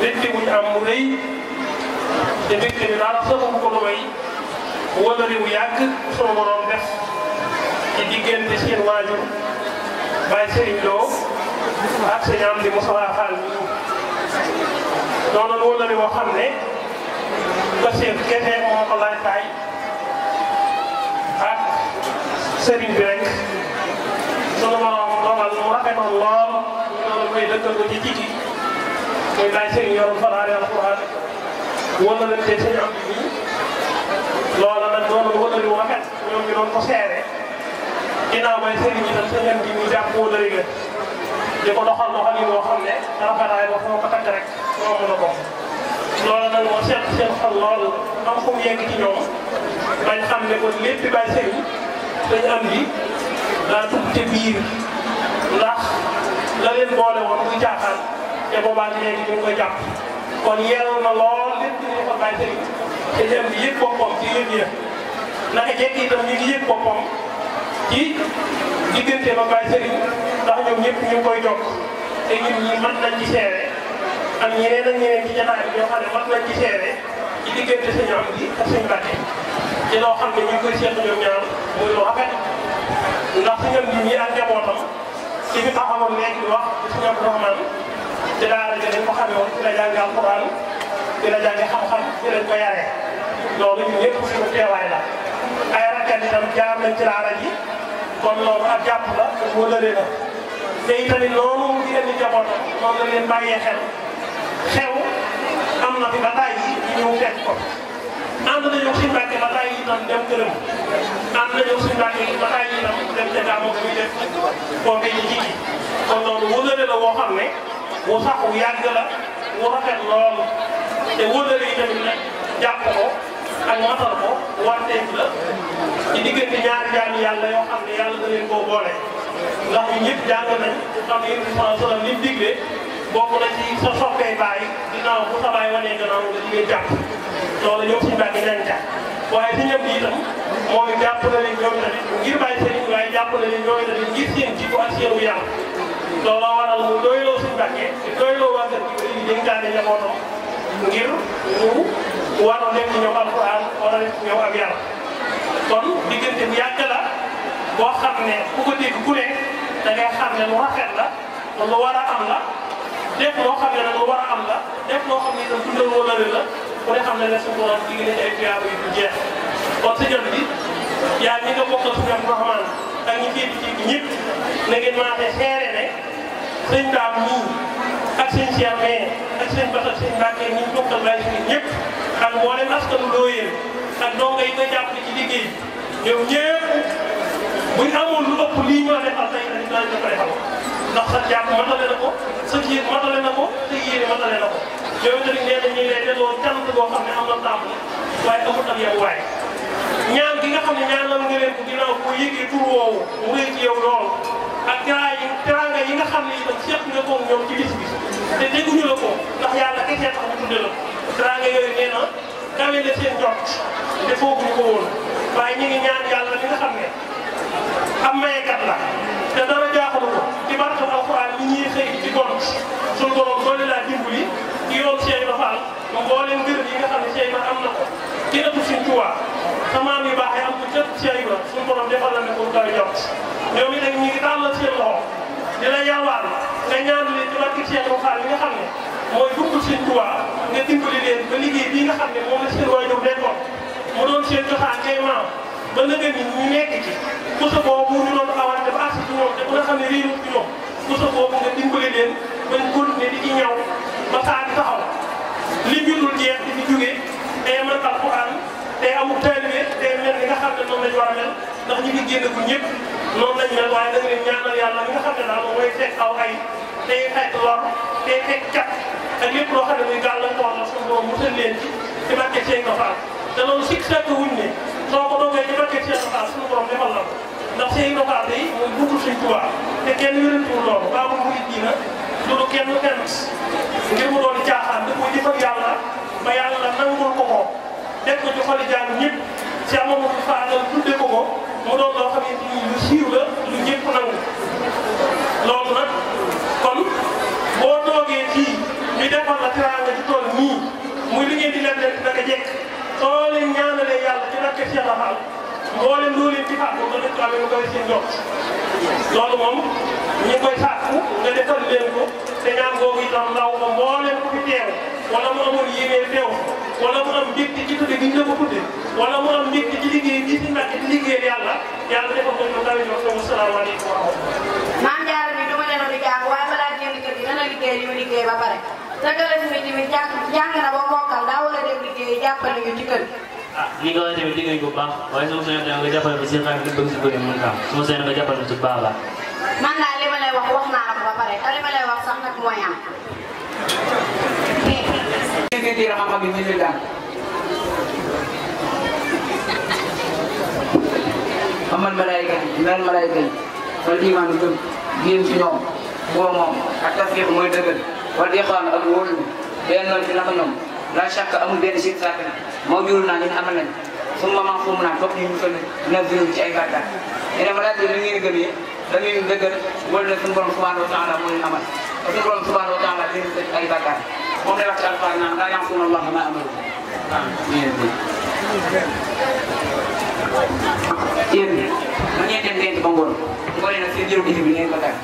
mbégte bu ñu am mu rëy te mbégte bi daal sababu ko lu may wóllare wu yàgg soo borom def ci diggante seen waajur Baye Serigne Lo ak sëñ am di Moussa Fall mi doonoon wóllare woo xam ne Bachir kese moo ko laaj taay ak Serigne bi rek sunu borom dogal mu rafetoon lool loolu mooy dëkkal ko ci jigéen. muy bàyyi seen yoon fanaane alquran wala nag te seen am bi loola nag noonu wala lu waxat ñoom ñu doon ko seere ginnaaw mooy sëriñ bi tam seen am bi ñu jàpp wala rëgg di ko doxal doxal yi boo xam ne rafetaay ba foo ko takk rek moo mën a bokk loola nag moo seet seen xol lool am fu mu yegg ci ñoom bañ xam ne kon lépp bàyyi sëriñ dañ am bi daa tudd te biir ndax la leen boole woon muy jaaxaan te boobaa léegi ñu ngi koy jàpp kon yeewu na lool lépp ñu ko bàyyi sëriñ te dem di yëg boppam ci yëg-yëg naka jekk itam ñu ngi yëg boppam ci diggante ba bàyyi sëriñ ndax ñoom ñëpp ñu ngi koy jokk te ñun ñi mën nañ ci seere am ñeneen ak ñeneen ci janaay bi ñoo xam ne mën nañ ci seere ci diggante sañu am gi ak sañu bàtte ci loo xam ne ñu ngi koy seq ñoom ñaar muy lu rafet ndax suñu am gi ñii ak ci bi taxawoon léegi wax suñu am ci daara ji dañ ko xamee woon ci la jàngee alxuraan ci la jàngee xam-xam ci lañ ko yaree loolu ñun ñëpp suñu teewaay la ay rakkat itam jaar nañ ci daara ji kon loolu ak jàpp la wala lële la te itamit loolu mu ngi leen di jabootam moom la leen bàyyee xel xew am na fi ba tay yi ñu fekk ko ànd nañu si mbàkke ba tay yi itam dem këram ànd nañu si mbàkke ba tay yi itam dem ca gàmmu bi muy def kooku ñu jigi kon loolu wala lële la woo xam ne. wu sax wu yàgg la wu rafet lool te wóllare yi tamit nag jàpp ko ak matal ko warteef la ci diggante ñaari jaami yàlla yoo xam ne yàlla da leen koo boole. ndax ñun ñëpp jàng nañ xam ne Ibrahima salaam li mu digle bokk na ci sa soppee baay ginnaaw bu sa baay wanee gannaaw nga jigéen jàpp loolu ñoom suñu bàyyi dañ jàpp waaye si ñëpp itam mooy jàpp na leen ñoom tamit ngir bàyyi seen i waaye jàpp na leen ñooy tamit ngir seen jikko ak seenu yàlla. looloo waral mu doyloo suñu Mbàkke di doyloo waa kër gi di dénkaane njabootam ngir mu waroon leen di ñëw ñëw ak yàlla kon diggante bu yàgg la boo xam ne ku ko dégg ku ne da ngay xam ne lu rafet la lu war a am la def loo xam ne nag lu war a am la def loo xam ne itam dundal wala rëy la ku ne xam ne ne suñu borom digg nañ ay tuyaaba yu du jeex kon si jot bi yaa ngi nga bokkal suñu am ak ñi féete ci ñëpp na ngeen maase seere ne sëñ daam nii ak sëñ Cheikh mais ak sëñ Bassa sëñ Mbacke ñi bokkal Baye Serigne ñëpp ak mboolem askanu Looyeen ak dongo yi nga jàpp ci liggéey ñoom ñëpp bu ñu amoon lu ëpp lii ñoo defal tey dañu daan ñu ko defal ndax sa jàpp matale na ko sa jiir matale na ko sa yéene matale na ko yooyu tamit nee na ñu ngi lay delloo cant boo xam ne am na tàmbali waaye amul ak yow waaye. ñaan gi nga xam ne ñaanal nga leen ko ginnaaw boo yëgee tur woowu mu rëy ci yow lool ak teraay yi teraanga yi nga xam ne itam seq nga koog ñoom ci bis bi te dégguñu la ko ndax yàlla kese tax mu tudde la teraanga yooyu nee na kawe na seen jot te fooguñu ko woon waaye ñu ngi ñaan nga xam ne am yi yoon Cheikh Ibra Fall mu boole ngir yi nga xam ne Cheikh Ibra am na ko ki ëpp Sëñ Tuubaa xamaam yu baax yi am ko jot Cheikh Ibra suñu borom defal la ne ko kaw jot ñoom itam loxo di la yalwaan nga ñaanal leen ci barke Cheikh Ibra li nga xam ne mooy bëggu Sëñ nga dimbali leen ba liggéey bii nga xam ne moom la seen waajur nekkoon mu doon seen joxaan ay maam ba nëgë ni ñu nekk ci kusa boobu ñu doon awante ba àgg ci ñoom te bu nga xam ne réeru ci ñoom kusa boobu nga dimbali leen bañ continuer di ci ñaw di taxaw li ñu dul day mën alquran day te taalibe day mel ni nga xam ne noonu lañ war a mel ndax ñu ngi génn bu ñëpp noonu lañ mel waaye da nga leen ñaanal yàlla nga xam ne daal moom mooy teg aw ay day teg lor day teg cat ak lépp te loolu sikk sàkk wuñ ne soo ko doogee ci barke Cheikh Ibra Fall suñu borom defal la ko ndax Cheikh Ibra Fall day mooy buntu Sëñ Tuubaa te kenn wérantuwul loolu baabu murid dina loolu kenn kenn ngir doon caaxaan da koy jëfal yàlla ba yàlla nangul ko ko def ko ci xoli jaam ñëpp ci amoon ko faanal tudde ko ko mu doon loo xam ne lu siiw la lu ñëpp nangu loolu nag kon boo toogee fii ñu defal la teraanga ci tool nii muy li ngeen di leen def naka jekk soo leen ñaanalee yàlla ci rakk Cheikh Rahane mboolem loo leen ci fàttali nga def ko amee lu koy seen jot loolu moom ñi nga defal leen te ñaan googu itam ndaw ba mboolem ku fi teew. wala mu amul yéenee teew wala mu am mbégte ci tudde gi ñu ko tudde wala mu am mbégte ci liggéey gi ci nàkk ci liggéeyal yàlla yàlla defal ko ñu dawi ñoom ñoom salaamaaleykum wa rahmatulah. maam Diarra bi duma leen di jàng waaye balaa ngeen di jënd dana liggéey li mu liggéey ba pare sa gërëm mi tamit jàng jàng na ba mokkal daa war a dem liggéey jàppale ñu ci kër ah li nga wax tamit dégg nañu ko bu baax waaye su ma seen nga jàppale ba si xam li bëgg si bëri mën naa su ma seen nga jàppale su baax la man daal li ma lay wax wax naa la ba pare te li ma lay wax sax nag mooy am jege téere xam-xam yi ñu fi jàng amal malaayika yi mel malaayika yi wala imaan gëm génn ci ñoom boo moom ak tafriq mooy dëggal wala dexaan ak wóolu benn noonu ci naka ñoom la chaque amul benn si sàkk na moo jurul naa ñu amal nañ su ma maa naa topp ñu ñu ko dina ci ay bàkkaar ñu ne yi li ngeen gëm yi dañuy dëggal wala suñu borom subhanahu wa taala moo leen amal te suñu borom subhanahu wa taala ay bàkkaar moom lay wax ci alquran naan laa yansuuna allaha ma amaru ah yéen bi yéen bi ba ngeen dem denc ba ngoon ngoone nag seen jëru bi ngeen ko tànn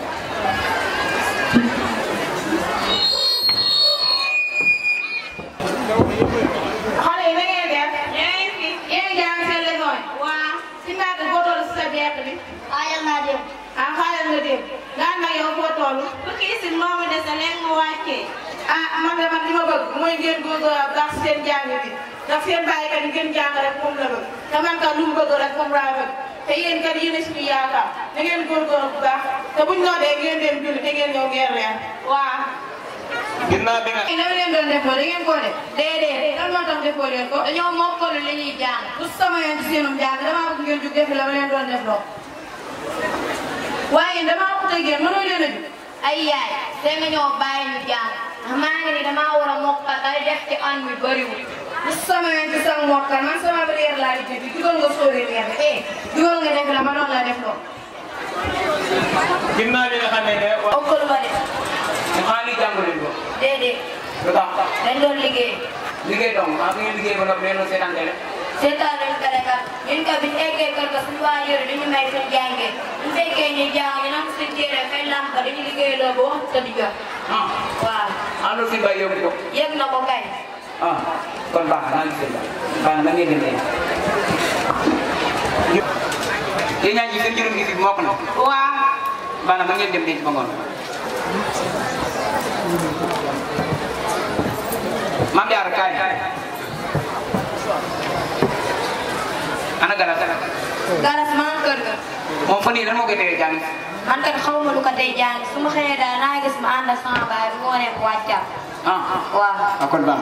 xale yi na ngeen def yéen fi yéen jàng seen leçon waa si naat boo toll si sa beeq bi xaajal naa dem ah xaajal nga dem daan na yow foo toll bu xiisin moo ma dese léegi mu wàccee Ah, ah man de man ma bëgg mooy ngeen góorgóorlu baax si seen jàng bi ndax seen bàyyi kat yi ngeen jàng rek moom la bëgg te man kat lu mu bëgg rek moom laa bëgg te yéen kat yéen a suñu yaakaar da ngeen góorgóorlu bu baax te buñ noodee ngeen dem julli te ngeen ñëw ngeen reer waaw. ginnaaw bi nga. léegi dama leen doon defoo da ngeen koo def déedéet lan moo tax defoo leen ko dañoo mokkal li ñuy jàng lu sama yoon ci seenum jàng damaa bëgg ngeen jug def la ma leen doon def loo waaye damaa waxut ak maa ngi ni damaa war a mokkal day def ci an mi bëriwul bu sama ci sama mokkal man sama réer laa di jënd dugal nga sóore réer eh, nga def ma doon la def lool. ginnaaw li nga xam ne de. okkul ba de. maa doon liggéey. liggéey dong maa ngi liggéey ba noppi leen doon seetaan télé. seetaan nañu kare ka ka bi ñu eggee kër ga suñu dañu may suñu jàngee bu fekkee ñu jàng ñu nangu suñu téere fay làmp dañu liggéey loolu ba waxtu bi jot. Ah. waaw. ano si ba yóbbu ko. yëg na ko kay. ah kon baax na alhamdulilah baax na ngeen demee. yéen ñaa ngi seen juróomi bi mokk na. waaw. baax na ma ngeen dem denc ba ngoon. maam Diarra kaay. ana garas. garas maa kër ga. moom fan yii lan moo koy teree man kat xaw ma lu ko tey jàng su ma xëyee daal naa gis ma ànd ak sama baay bu ma nekk wàccaat. ah ah waaw ah, kon baax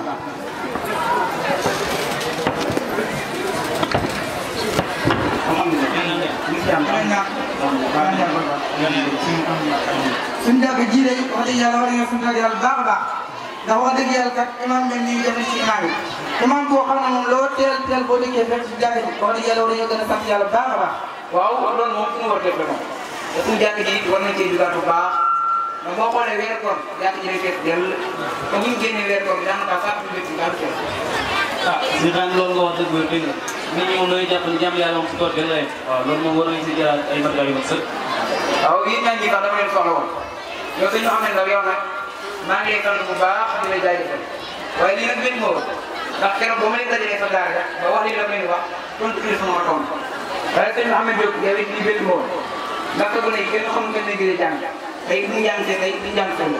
suñu jàkk ji day wax dëgg yàlla war nga santal yàlla baax a baax ndax wax dëgg yàlla kat imaam ñoom ñu ngi def ci imaam yi imaam boo xam ne moom loo teel teel boo dëkkee fekk si jàkk ji wax dëgg yàlla war nañoo gën a sant yàlla baax a baax waaw loolu moom fu mu war a def suñu jàkk ji war nañ cee dugaat bu baax ndax boo xoolee weer koor jàkk ji day fees dell ba bu ñu génnee weer koor bi daanaka sax du dëkk daal kenn. ah si daan loolu nga wax dëgg wér dëgg la nit ñi moom dañuy jàpp ne jàmm yàlla moom si koor gën la yem waaw loolu moom war nañu si jëlaat ay matuwaay yu mag sëkk. waaw yéen ñaa ngi ji sax dama leen soxla woon yow sëñ Mouhamed nag yow nag maa ngi lay sant bu baax di la jaajëfal waaye lii nag benn moo ndax keroog ba ma leen dajalee sa daara ba wax lii la may wax tontu kii la sama tomb waaye sëñ Mouhamed Diop yow it lii benn moo ndax bu ne kenn xamante ne bii lay jàng tey bu ñu jàng see tey bu ñu jàng seen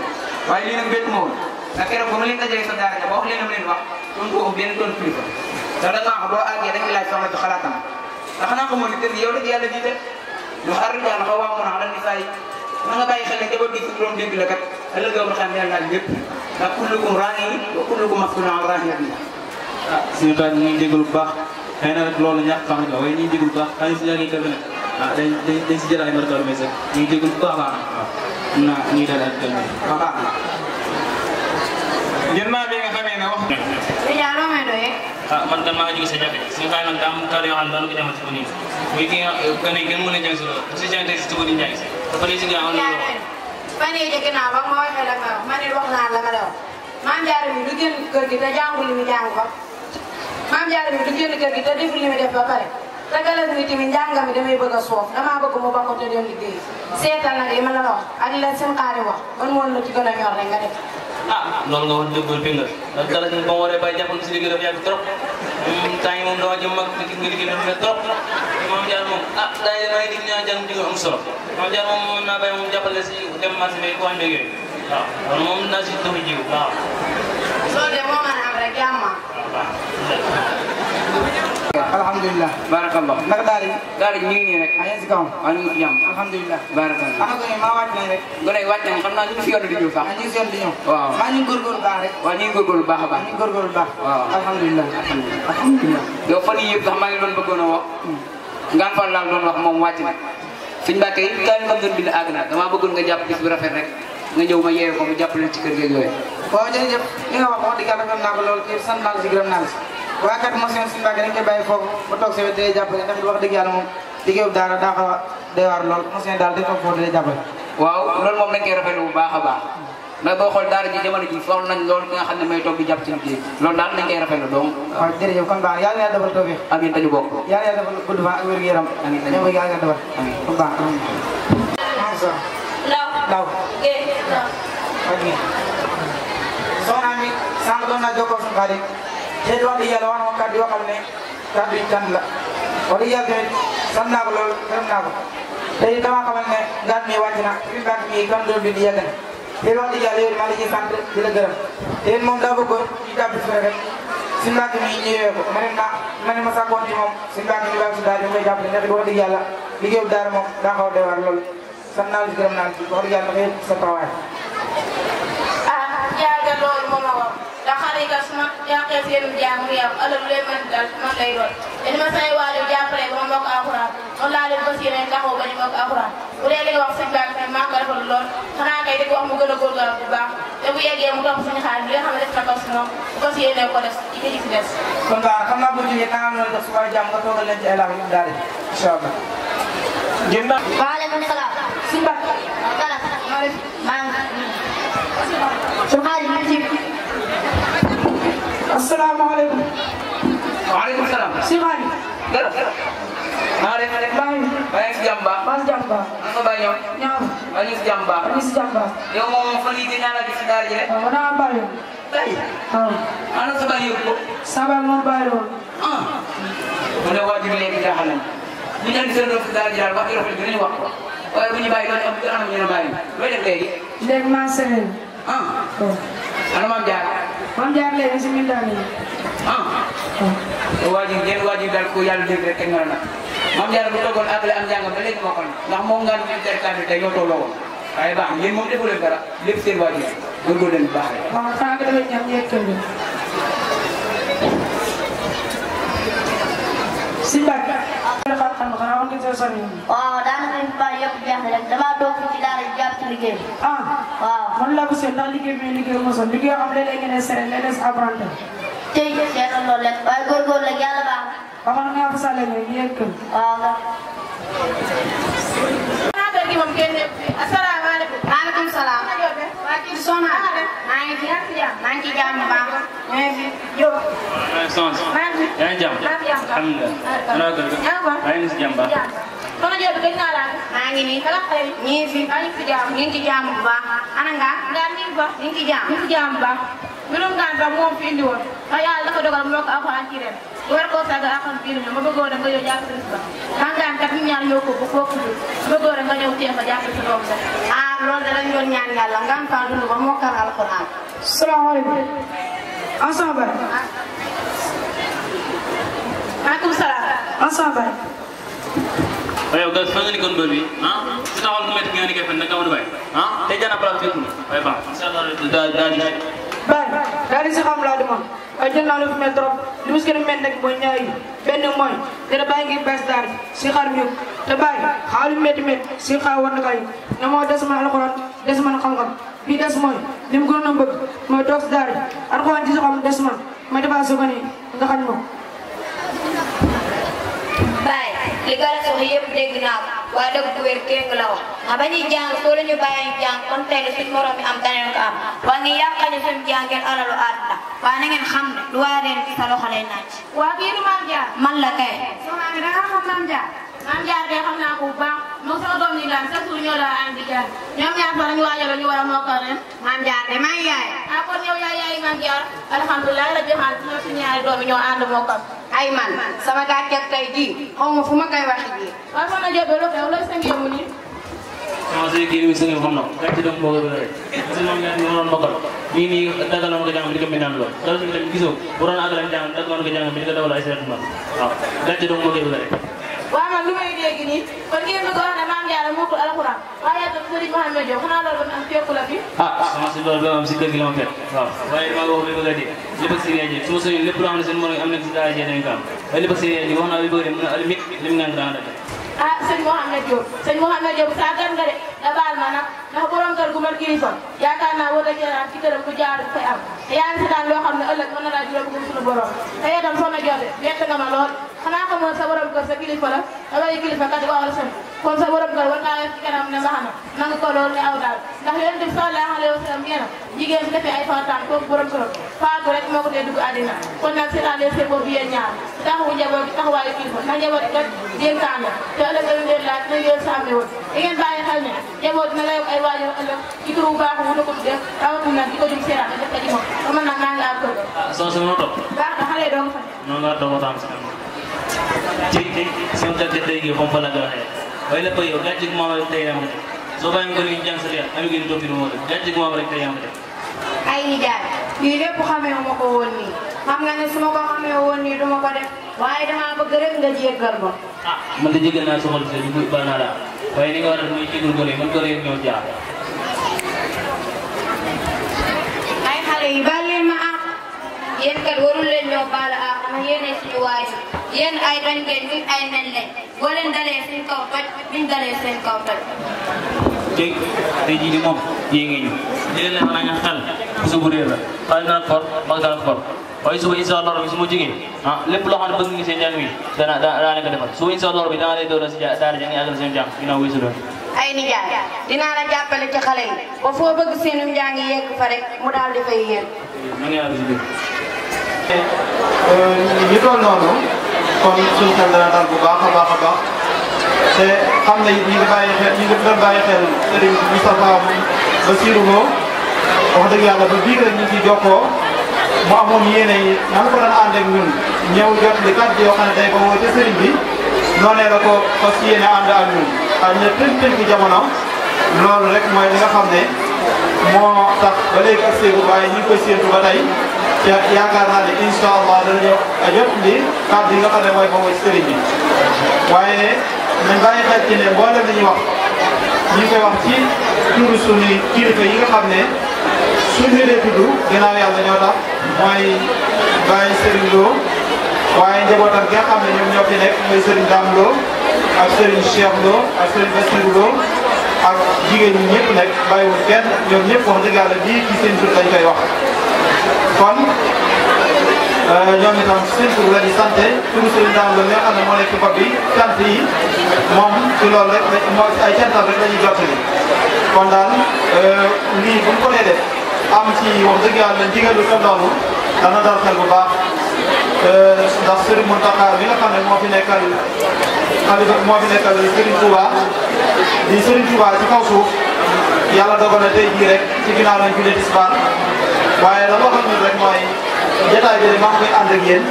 waaye lii nag bépp moo woon ndax keroog ba ma leen dajalee sa daara ja ba wax leen am leen wax tontu ko benn tontu plus ba ndax da nga wax boo àggee dañuy laaj soxla ci xalaatam ndax xanaa xamoo ni tey yow la ci yàlla jiite ndax arrêté yàlla xaw maa mun a xam dañuy saa yi na nga bàyyi xel ne jabar gi su doon dégg la kat ëllëg yow ma xam ne yàlla laaj lépp ndax kullukum raa'in wa kullukum mas'uulun an ra'iyyatihi ah suñu taal ñu ngi déglu bu baax xëy na rek loolu ñàkk xam nga waaye ñu ngi déglu bu baax xaalis yaa ngi waaw ah, day day day si jëlaat marka lu muy sëkk ñu ngi déglu bu baax a baax waaw mun naa ñuy daal ak kenn waaw baax na. ginnaaw bi nga xamee ne wax. déjà loo may doyee. ah man de maa ngi jóge sa jafe suñu xayma daa am kàddu yoo xam ne daanu ko demati ba nii muy ki nga gën a gën mën a jàng si loolu si jàng si tubaab di njàng si dafa lay si gaaw loolu. fan yii jëkk naa ba ma waxee la ma ma ne wax naa la ma daw maam jaara mi du génn kër gi te jàngul li mu jàng ko maam jaara mi du génn kër gi te deful li mu def ba pare tagala bi tamit njàng mi damay bëgg a soof damaa bëgg mu bokk te dem liggéey seetal nag li ma la wax a la seen xaari wax ban la ci gën a ñor ah, mu waree bàyyi jàppoon si liggéey dafa yàgg trop hmm, temps yi moom dama jëm mag gis nga liggéey trop moom jaar moom ah daa yi may dig ñaa di nga am solo moom jaar moom mën naa si dem marché bi ko amee yooyu waaw kon moom naa si doxi jiw waaw loolu de moo a alhamdulilah barakallah naka daal yi daal a si kawam waaw ñu ngi ci jàmm wàcc nañ rek gone wàcc nañ baax rek waaw ñu ngi baax a baax ñu ngi waaw alhamdulilah yow fan yi yëpp sax maa bëggoon a wax hmm. ngaan fan laa doon wax moom wàcc na suñ bàkke yi kaay nga doon àgg na damaa bëggoon nga jàpp bis bu rafet rek nga ñëw ma yeewu ko mu jàppale ci kër gi ak yooyu waaw jërëjëf li nga wax wax dëgg yàlla naa ko loolu kii sant naa ko si gërëm naa ko si waaye kat monsieur Sine Mbacke dañ koy bàyyi foofu ba toog sa wet day jàppale ndax wax dëgg yàlla moom liggéeyu daara daa xaw a day waar lool monsieur daal day toog foofu day jàppale waaw loolu moom dañ koy rafetlu bu baax a baax ndax boo xool daara ji jamono ji soxla nañ loolu ki nga xam ne may toog di jàpp ci liggéey loolu daal nañ koy rafetlu donc waaw jërëjëf kon baax yàlla yàlla defal tawfiq amiin dañu bokk yàlla yàlla defal gudd fan ak wér gu yaram amiin dañu bokk yàlla yàlla defal amiin kon baax amiin daw waɗi sownami sano ɗon na jogo kadi heɗo waɗi yala wono kadi yo kam ne kadi tan la waɗi yalde sannago lol fernago tawi kama kamal ne ganmi wacina wimbakmi kam ɗon mbiɗi yagane heɗo waɗi yala yori maliji sante dila gërëm ten moom daa bëggoon ñu jàpp si rek si mbàkk mi ñëwee ko ma ne ma ma ne ma sàkkoon ci moom si mbàkk mi daal si daal di koy jàpp ne ndax wax dëgg yàlla liggéeyu daara moom daa xaw a doy waar loolu sant naa la gërëm naa la wax dëgg yàlla dafay sa tawaay. ah jaaga loolu moo ma war ndax xale yi kat su ma yàqee seen jaamu yàqu ëllëg lu leen mën dal man lay doon dañu ma say waajur jàppale ba ma bokk alxuraan noonu laa leen fas yéene taxaw ba ñu bokk alxuraan bu dee li nga wax sëñ Ba tey maa ko defal lool xanaa kay di ko wax mu gën a góorgóorlu bu baax te bu yeggee mu topp suñu xaalis li nga xam ne def na ko si moom fas yéene ko def ci li ci des. kon daal xam naa boo jógee naa am loolu def su ma jàmm nga toogal leen ci ay laaj yu daal di incha allah. jënd. waaleykum salaam. suñu bàq kala maa su xaaj ñu ci. asalaamaaleykum. waaleykum salaam. si xaaj. dara dara. maa ngi lay. maa ngi. maa ngi si jàmm baax. maa ngi si jàmm baax. maa ngi ko bàyyi ñoom. ñaar. maa ngi si jàmm baax. maa ngi si jàmm baax. yow moom fan yii dinaa la gis si daara ji rek. waaw naa bàyyi. bàyyi. waaw. ana sa bàyyi ko. Saba moom bàyyi woon. ah. mu ne waajur léegi jaaxal nañu. bu ñu andi seen doom si daara ji daal wax dëgg yàlla dinañu wax quoi. waaye bu ñu bàyyi doon am anam ñu ne bàyyi looy def léegi. léegi maa ah. oh. si mille ans ah. oh. waa ji ngeen waa ji daal ko yàlla dégg rek teg na la maam jaar bu toogoon àggale am njàngam ba léegi moo ko ndax moom ngaa nu intercadé tey ñoo tolloo woon waaye baax na yéen moom defu leen lépp seen waa ji góorgóorlu leen bu baax rek. waaw xanaa nga demee ñoom si mbàkk. xam-xam nga xanaa nga gisee sori. waaw daanaka ñu bari yëpp jeex na rek damaa toog ci daara ji jàpp ci liggéey bi. ah waaw man laa ko seet ndax liggéey bi liggéey bu mosoon liggéey xam léeg-léeg ngeen sere léeg-léeg apprenti. tey jii seet na loolu rek waaye góorgóorlu rek yàlla baax na. xam nga nga fa sàlle rek yéeg kër. waaw. kii moom kenn nekk fi asalaamaaleykum. maaleykum salaam. waa kii soxna Ade. maa ngi ci maa ngi ci jàmm bu baax. maa ngi fi Diop. maa ngi fi yaa ngi jàmm. maa ngi jàmm maa ngi si jàmm baax. soxna Diop gëj naa laa. maa ngi nii. kala xëy ñu ngi fi. maa ngi fi jàmm ñu ngi ci jàmm bu baax. ana nga. nga ñu ngi ci jàmm ñu ngi ci jàmm bu baax. mbirum gaan sax moom fi indi woon ndax yàlla dafa dogal mu yokk alxuraan ci ren bu war koo sàgg alxuraan biir ñu ma bëggoon a nga ñëw jàpp si ba ndax gaan kat ñu ñaan ñoo ko bu kooku bi bëggoon a nga ñëw teew nga jàpp si doom sax ah loolu danañ doon ñaan yàlla ngaan faa dund ba mokkal alxuraan salaamaaleykum ensemble maaleykum salaam ensemble waaye yow gars fan nga ni kon bi ah si ah. taxawal ku métti nga ni kay fan nag amoon na bay ah, ah tey jàpp naa place bi yëpp waaye baax incha allah daal daal Baye daal di si xam laa di man waaye jël naa lu fi mel trop li a mel mooy ñaar benn mooy dina bàyyi ngi bees daal si xar ñu te Baye xaalu métti métti si xaar war kay na des man alxuraan des man xam-xam bii des mooy li mu gënoon a mooy toog si alxuraan ci si xam des man may defaa su ko nii li nga def wax yëpp dégg naa ko waaye dëgg bu wér kéng la wax nga ba ñuy jàng soo la ñu bàyyi ñu jàng kon tey suñ morom mi am danañ ko am waa ngi yàqal ñu suñu jàngeen alalu àdduna waaye na ngeen xam lu waaye leen ci loxo lay naaj. waa kii maam Jaar. man la kay. da nga xam maam Jaar. maam Jaar de xam naa ko bu moom sama doom ñu daan chaque jour ñoo daan am ñoom ñaar fa ñu waajaloon ñu war a mokkal ren maam jaar de maa yaay ah kon yow yaay yaay ñoo suñu ñaari doom yi ñoo sama gàcceeg tey jii xaw fu ma koy waxi ji waaw soxna Jobe nii non si kii bi sëñ bi xam doom boo ko rek parce que moom ñaar ñu waroon bokkal nii nii dagaloon ko jàng bi di ko mbindaan lool dara suñu tamit gisoo bu doon àggalan jàng dagaloon ko jàng bi di ay seet waaw man lu may dégg nii kon ngeen bëgg a wax ne maam Diarra mokkul alxuraan waaye yàgg na Serigne Mouhamed Diop xanaa loolu ba mu am fekku la fi. ah ah si loolu ba am si dëgg la ma fekk waaw waaye li ma wax li bëgg a dégg lépp ak seen yaay su ma soññee lépp loo xam ne seen moroom am nañ si daara jee dañ ko am waaye lépp ak seen yaay wax naa li bëgg a dégg mu ne alimik lim naan daan la ah sëñ Mouhamed Diop sëñ Mouhamed Diop saa gan nga de te baal ma nag ndax borom kër gu mat kilifa yaakaar naa wóor na jëlaat ci këram ku jaar du koy am te yaa ngi si daan loo xam ne ëllëg mën na laa sa borom kër sa kilifa la da ngay kilifa ne maxana nangu ko lool ne aw daal ndax bi sallallahu alayhi wa sallam nee na jigéen su defee ay fantaan kooku borom kër faagu rek moo ko dee dugg àddina kon nag seetaan leen seen boobu yéen ñaar taxawu njaboot gi taxawaayu kilifa ndax njaboot gi njaboot dina la yóbbu ay waajur ëllëg ci tur bu baax mën na ko def rawatina di ko jum seeraat def ko ci naa maa ngi àgg kër. ah soo si mënoo topp. baax na xale yi doo ko fa. noonu laa doog a taam si kanam. ci ci seen gàncax gi comme fa la ko waxee waaye lépp yow gàncax gu maam rek day yàmb de soo bàyyi ko ni jàng sa leer ami gi di topp di moo dem gàncax gu maam rek nga ne su ma ko xamee woon nii du ma ko def waaye damaa bëgg rek nga ah, naa sama waaye li nga war a def ci góorgóorlu yi man góor yi ñoo jaar. ay xale yi baal leen ma àq yéen kat leen ñoo baal a àq ndax yéenay suñu waay ay doñ ngeen ñu ay nen leen boo leen dalee seen kaw toj biñ dalee seen kaw toj. dégg tey jii di moom yéen ngi ñu. dégg nga ne xanaa nga xel bés bu réer la xaalis naa for mag waaye suba incha allah bi su ma jógee ah lépp loo xam ne bëgg nga seen jàng wi dana dana ko suba incha allah bi dana lay si daara ja nga àggal seen jàng dinaa la jàppale ci xale ba foo bëgg seenu njàng yegg fa mu daal di fay yéen ma si dé ñu doon noonu kon suñu xel a a baax te xam ne ñi jokkoo mu amoon yéene yi nan ko doon ànd ak ñun ñëw jot li kat yoo xam ne day ko wóote sëriñ bi noonee la ko fas yéene ànd ak ñun xëy na tënk-tënk jamono loolu rek mooy li nga xam ne moo tax ba léegi ak séegu waaye ba tey te yaakaar naa ne incha allah danañu jot li kàddu yi nga mooy ko wóote sëriñ bi waaye nañ bàyyi xel ci ne mboolem li ñuy wax ñu ngi wax ci turu suñuy kilifa yi nga xam ne suñu leen tudd ginnaaw yàlla ñoo tax. mooy Baye Serigne Lo waaye njabootam gi nga xam ne ñoom ñoo fi nekk mooy Serigne Dame ak Serigne Cheikh ak Serigne Bassirou ak jigéen ñi ñëpp nekk bàyyiwul kenn ñoom ñëpp wax dëgg yàlla bii koy wax kon euh, ñoom sant turu Serigne Dame Lo xam ne moo nekk bopp bi cant yi moom ci loolu rek moo ay cantam rek la ñuy jottali kon daal euh, lii bu ñu ko dee am ci wax dëgg yàlla ndigal lu loolu dana dal xel bu baax euh, ndax Serigne Mountakha bi nga xam ne moo fi nekkal xalifa moo fi nekkal Serigne Touba di Serigne Touba ci kaw suuf yàlla dogal na tey jii rek ci ginnaaw lañ jullee tisbaar waaye la waxal ñu rek mooy jotaay bi maa ngi koy ànd ak yéen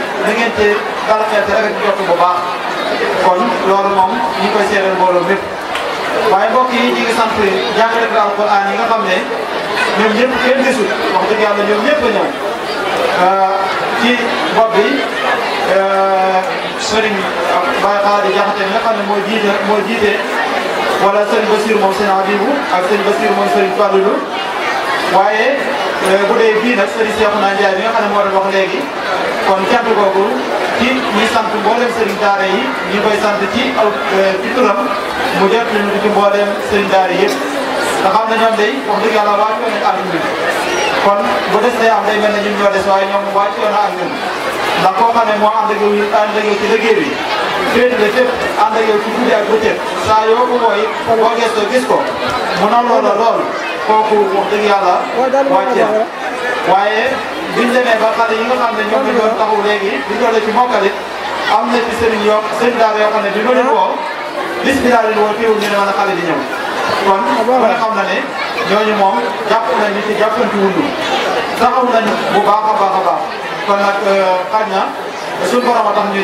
da te rek jot bu baax kon loolu moom ñi koy seeral mbooloo mépp waaye mbokk yi ñu ngi sant jàngalekat alquran yi nga xam ne. ñoom ñëpp kenn desul wax dëgg yàlla ñoom ñëpp a ñëw euh, ci bopp bi euh, sëriñ Baye Khady Diakhaté nga ne moo jiite moo jiite wala sëriñ Bassir moom sëriñ Abibu ak sëriñ Bassir moom sëriñ Fallou waaye euh, bu dee fii nag sëriñ Cheikhouna Ndiaye bi nga xam ne moo doon wax léegi kon cant googu ci ñi sant mboolem sëriñ daara yi ñu koy sant ci aw ci turam mu jot ñu ci mboolem sëriñ daara yëpp. nga xam ne ñoom day wax dëgg yàlla wàcc woon ak des am ne ñun ñoo des waaye ñoom wàcc woon ak ñun ndax koo xam ne moo ànd ak yow ànd ak ci liggéey bi féete la fépp ànd ak yow ci ak bëccëg saa yoo ko wooy boo gëstoo gis ko mu na loola lool kooku wax dëgg yàlla wàccee waaye biñ demee ba xale yi nga xam ne ñoom ñu doon taxaw léegi di doole ci mokkalit am na ci sëriñ yoo sëriñ daara yoo xam ne bi ma leen woo bis bi daal leen woo teewul ne mën a xale ñëw kon ku ne xam na ne ñooñu moom jàpp nañu ci jàppanti wundu taxaw nañu bu baax a baax a baax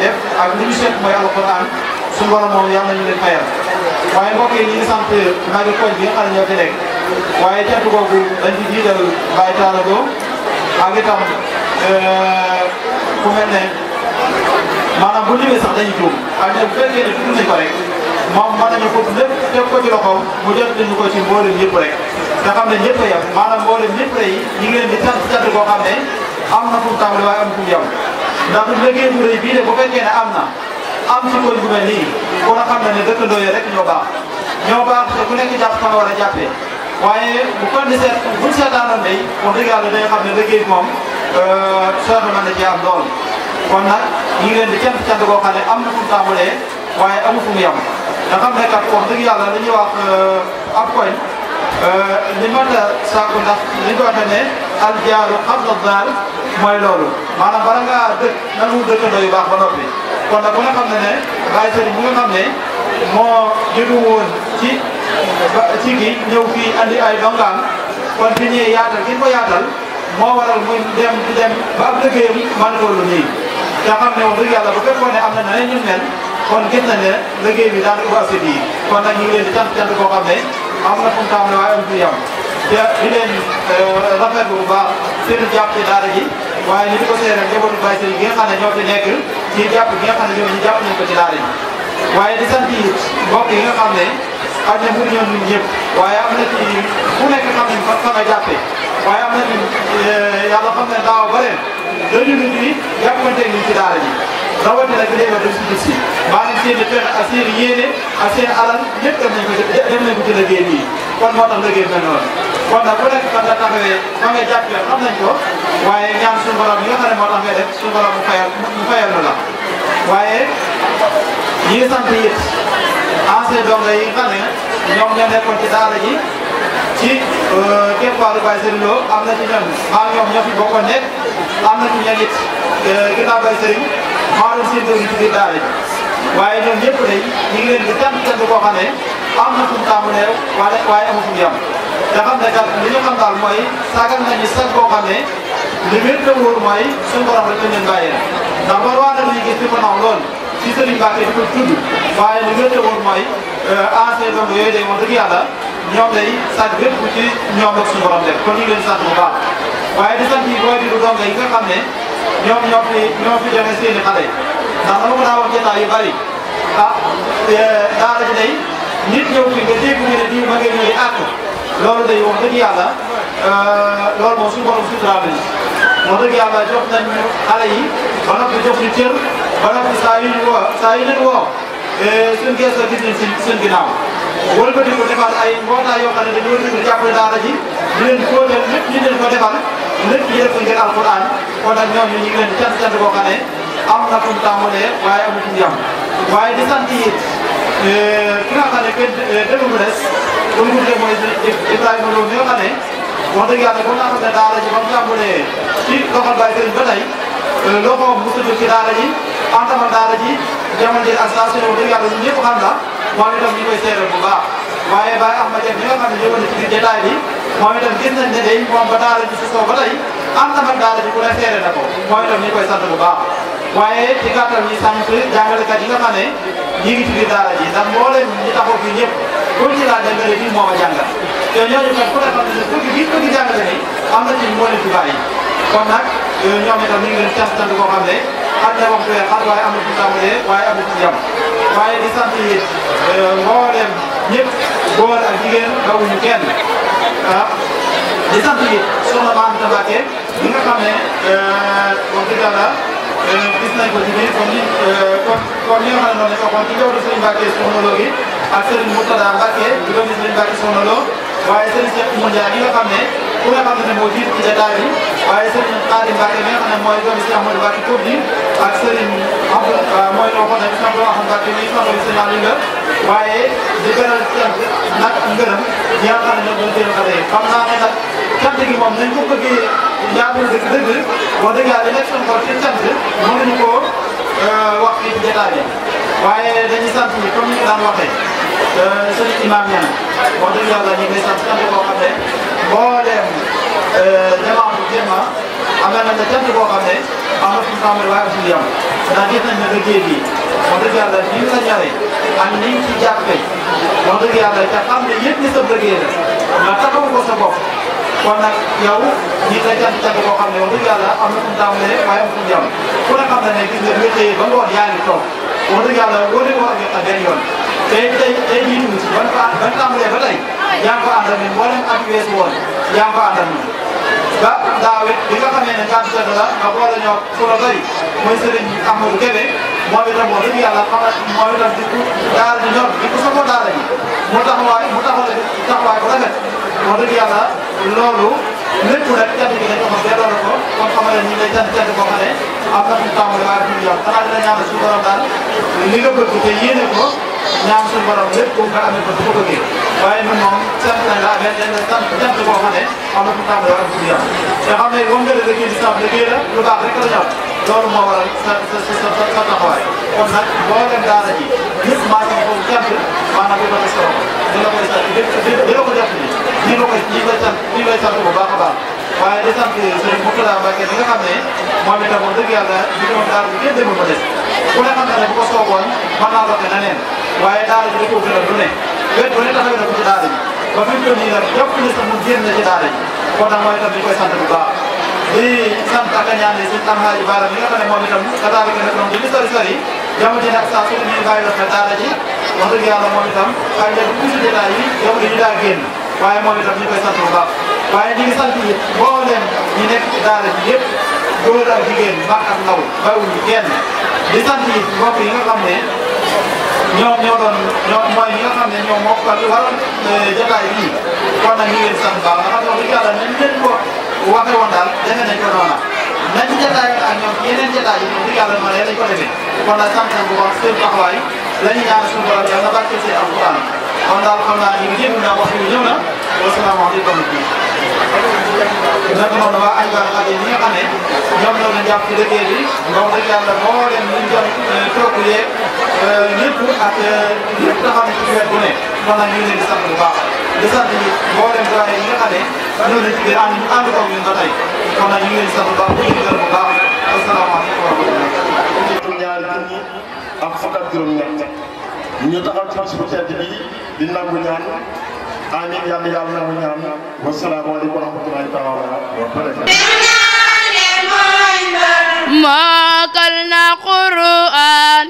def ak li ñu seet mooy alxuraan suñu borom moom yàlla nañu leen fayal waaye mbokk yi ngi sant magu koñ bi nga xam ñoo fi waaye cant googu dañ ci jiital Baye Talla Lo ak itam ku mel ne maanaam bu ñu ñëwee sax dañuy tuub ak bu fekkee ne tudd nañ ko rek moom mën nañu ko lépp teg ko ci loxoom mu jot dañu ko ci mboolem ñëpp rek te xam ne ñëpp a yem maanaam mboolem ñëpp rek ñu ngi leen di sant sant am na fu mu tàmbali waaye am fu mu bii de bu fekkee ne am na am ci koñ bu mel nii kon a xam ne ne dëkkandoo yi rek ñoo baax ñoo baax te ku nekk jàpp sama war a jàppee waaye bu kon di seet buñ seetaanoon day wax dëgg yàlla day xam ne liggéey moom euh, soxna ma na ci am lool kon nag ñu ngi leen di cant cant koo xam ne am na fu mu nga xam ne kat wax dëgg yàlla li ñuy wax euh, ab koñ euh, li mën la ndax li ñu waxee ne al jaaru qabla daar mooy maanaam bala ngaa dëkk yu baax ba noppi kon nag bu nga xam ne ne Baye Serigne bu nga xam ne moo jëndu woon ci ba ci gi ñëw fii andi ay dongaan kon fi ñuy yaatal ki ko yaatal moo waral muy dem dem ba ab dëggee man loolu nii nga xam ne wax dëgg yàlla bu fekkoon ne am na neneen ñu mel kon gis nañ ne liggéey bi daanaka ubbi askan yi kon nag ñu ngi leen di cant koo xam ne am na fu mu tàmbalee waaye am fi yam te di leen euh, rafetlu bu baax seen jàpp ci daara ji waaye ni ko seeree njabootu Baye Serigne gi nga xam ne ñoo fi nekk ci jàpp gi xam ne ñoom ñu jàpp nañ ko ci daara ji waaye di sant yi mbokk yi nga xam ne am na mënuñoo ñun ñëpp waaye am na ci ku nekk xam ne fan fan la jàppee waaye am na ci euh, yàlla xam ne daaw ba ren dañu nit ñi jàppante ñu ci daara ji. rawatina bi day wax ba suñu si maanaam seen i pexe ak seen i yéene ak seen alal ñëpp def nañ ko ci def nañ ko ci liggéey bii kon moo tax liggéey mel noonu kon nag bu nekk fan la taxawee fa nga jàppee xam nañ ko waaye ñaan suñu borom yi nga xam ne moo tax ngay def suñu borom mu fayal mu fayal la waaye ñi ngi sant it ancien donga yi nga xam ne ñoom ñoo nekkoon ci daara ji ci euh, keppaaru Baye Serigne Lo am na ci ñoom maa ngi ñoom ñoo fi bokkoon nekk am na ci ñoom it ginnaaw euh, Baye Serigne waa seen dëgg ci biir daara ji waaye ñoom ñëpp day ñu ngi leen di cant cant koo xam ne am na fu mu tàmbalee waaye waaye amu fu mu yem te xam ne kat li ñu xam daal mooy sàggal nañu sax koo xam ne li wér te wóor mooy suñu borom rek lañ leen bàyyee ndax war waa dama ñu gis di ko naw lool ci sëriñ Mbàkke di ko tudd waaye li wér te wóor mooy euh, ancien dong yooyu day moom dëgg yàlla ñoom day sàcc bépp ci ñoom ak suñu borom kon ñu ngi leen di sant di du dong yi nga ne ñoom ñoo fi ñoo fi joxe seeni xale ndax dama ko daa wax jotaay yu bari ah daara ji day nit ñëw fi nga dégg ñu ne di ma ngeen ñëw di àtt loolu day wax dëgg yàlla euh, loolu moom suñu borom suturaal nañu jox nañu xale yi ba noppi jox ñu cër ba noppi saa yu woo Eh, suñ geesoo gis nañ suñ suñ ginnaaw wëlbati ko defal ay mbootaay yoo xam ne dañoo dugg jàppale daara ji di leen fóoteel lépp ñu leen ko defal lépp ñu def ko ngir alquran kon nag ñoom ñu ngi leen di cant cant boo xam am na fu mu tàmbalee waaye amu fu mu waaye di sant it eh, ki nga xam ne kenn eh, dëgg mu des pour mu dee mooy Ibrahima Lo mi nga xam ne wax dëgg yàlla ba nga xam ne daara ji mu tàmbalee ci loxol Baye Serigne ba tey loxoom mu sëñ ci daara ji antamal daara ji. jamonte ak saa su ne wax dëgg yàlla ñun ñëpp xam na moom itam ñu koy seeral bu baax waaye Baye Ahmad Diagne ñi nga xam ne ñëwoon na ci biir détail bi moom itam gis nañ ne day moom ba daara ji sosoo ba tey am na mag daara ji ku ne seere na ko moom itam ñu koy sant bu baax waaye ci gàttal ñi sant jàngalekat yi nga xam ne ñi ngi ci biir daara ji ndax mboolem ñi taxaw fii ñëpp kuñ ci laaj jàngale bi moo ma jàngal te ñooñu kat ku ne xam ne bëgg bi bëgg jàngale ni am na ci mboolem ci bàyyi kon nag ñoom itam ñu ngi leen sant sant koo xam ne xar la waxtu yee xar waaye amul fi tàmbalee waaye amul fi jàmm waaye di sant yi euh, mbooleem ak jigéen bawuñu kenn ah di sant Maam Mbacké bi nga xam ne euh, wax dëgg yàlla euh, ko ci biir ni comme ni nga xam ne noonu la ñu waxoon ci jaww ji Serigne ak Serigne Murtada Mbacké di nga xam ne. ku nga xam ne moo jiitu ci jotaay bi waaye sëriñ Xaadim Mbacke mi nga xam ne mooy doomi si Amadou Mbacke tuub ji ak sëriñ Abdou mooy loo xam ne si Abdou Waxam Mbacke mi a si naan yi nga waaye di beral cant nag ak ngërëm ñi ne ñoom ñoo seen xale yi xam naa ne nag cant gi moom nañ ko bëggee jaamu dëgg dëgg wax dëgg yàlla nekk suñu xol ci cant mënuñu ko wax fii ci jotaay bi wax dëgg yàlla ñu ngi mbooleem euh, jamaatu jéema amal na cant boo xam ne am na fu mu tàmbali waaye suñu yam ndax gis nañ ne liggéey bi wax dëgg yàlla ni mu la ñoree ak ni ñu ci jàppee wax dëgg yàlla te xam ne yëpp ni sa liggéey la nga taxaw ko sa bopp kon nag yow ñi ngi lay cant cant boo xam ne wax dëgg yàlla am na fu mu tàmbali waaye am fu mu yam ku ne xam na ne gis nga liggéey ba ngoon yaa ngi toog wax dëgg yàlla wóor na ko ak benn yoon tey tey tey jii dugg ci ban ba ban tàmbalee ba tey yaa ngi ko àndal ne weesu woon yaa ngi ko àndal bi nga xamee ne kàddu kàddu la nga boole ñoo ku la bëri mooy sëriñ Amadou Kébé moom itam wax dëgg yàlla xamal moom itam di ko daara di ñor di ko soxla daara ji mu taxawaay mu taxawaay bu taxawaay loolu lépp rek cant gi dañ ko mos delloo la ko comme xamal ne ñu ngi lay cant cant boo xam ne am na fi daal li nga bëgg te yéene ñaan suñu borom lépp ko nga amee ko du ko bëggee waaye ñun moom sant nañ la mais dañ la sant ñett boo xam ne am na fu mu tàmbalee war a guddi yàlla te xam ne moom nga ne liggéey bi sax liggéey la la sa sa sa sa taxawaay kon nag boo dem daara ji ñëpp maa ngi ko sant maanaam dina ko soxla dina koy sant dina ko jàpp ni ñu koy ñu koy sant ñu koy sant bu baax a baax di sant Serigne Mourtada Mbacke mi nga xam di ko ma des ku ne xam ne bu ko soogoon mën naa doxee na neen waaye daara ji da koo gënal lu ne wet bu ne taxawee na ko ci daara ji ba fi mu toll nii nag jàpp na sax moom génn na ci daara ji kon a mooy itam dañ koy sant bu baax di sant ak a ñaanal si am xaaji baara mi nga xam ne moom itam kataaru gi nag moom dañuy sori sori jamono ji saa su ñu bàyyi la daara moom itam xëy na bu ñu jotaay yi yow dañu daa génn waaye moom itam ñu koy sant bu baax waaye ñu ngi sant yi mboolem ñi nekk ci ji yëpp góor ak jigéen mag ak ndaw bawuñu kenn di sant yi mbokk yi nga xam ne. ñoo ñoo doon ñoo mooy ñi nga xam ne ñoom moo ko waroon jotaay bii kon nag ñu ngi leen sant baax nga xam ne wax dëgg yàlla nañ leen ko waxee woon daal defe nañ ko noona nañ jotaay ak ñoom yeneen jotaay yi wax dëgg yàlla ma ne lañ ko defee kon a sant nañ bu baax seen taxawaay la ñu ñaan suñu borom yàlla na barke seen alquran kon daal xam naa ñu ngi jéem naa wax ñëw na wasalaamaaleykum naka noonu waa Aywaar ak ñi nga xam ne ñoom ñoo doon jàpp ci liggéey bi moom rek yàlla moo leen luñ jot toog yeeg ñëpp ak ñëpp taxaw na ci weer bu ne man ñu ngi leen di sant bu baax di sant yi mboolem doyen yi nga xam ne ñoo leen ci biir ànd ànd koog ñun ba tey kon nag ñu ngi leen di sant bu baax di leen bu baax asalaamaaleykum wa rahmatulah. ñaari junni ak fukk ak juróom-ñett ñu taxaw ci bis bu tedd bi di nangu ñaan amiin yàlla yàlla nangu ñaan wasalaamaaleykum wa rahmatulahi taala wa barakatuh. ما قلنا قرآن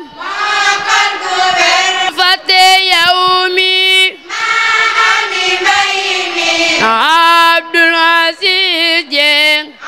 Abdul Aziz Dieng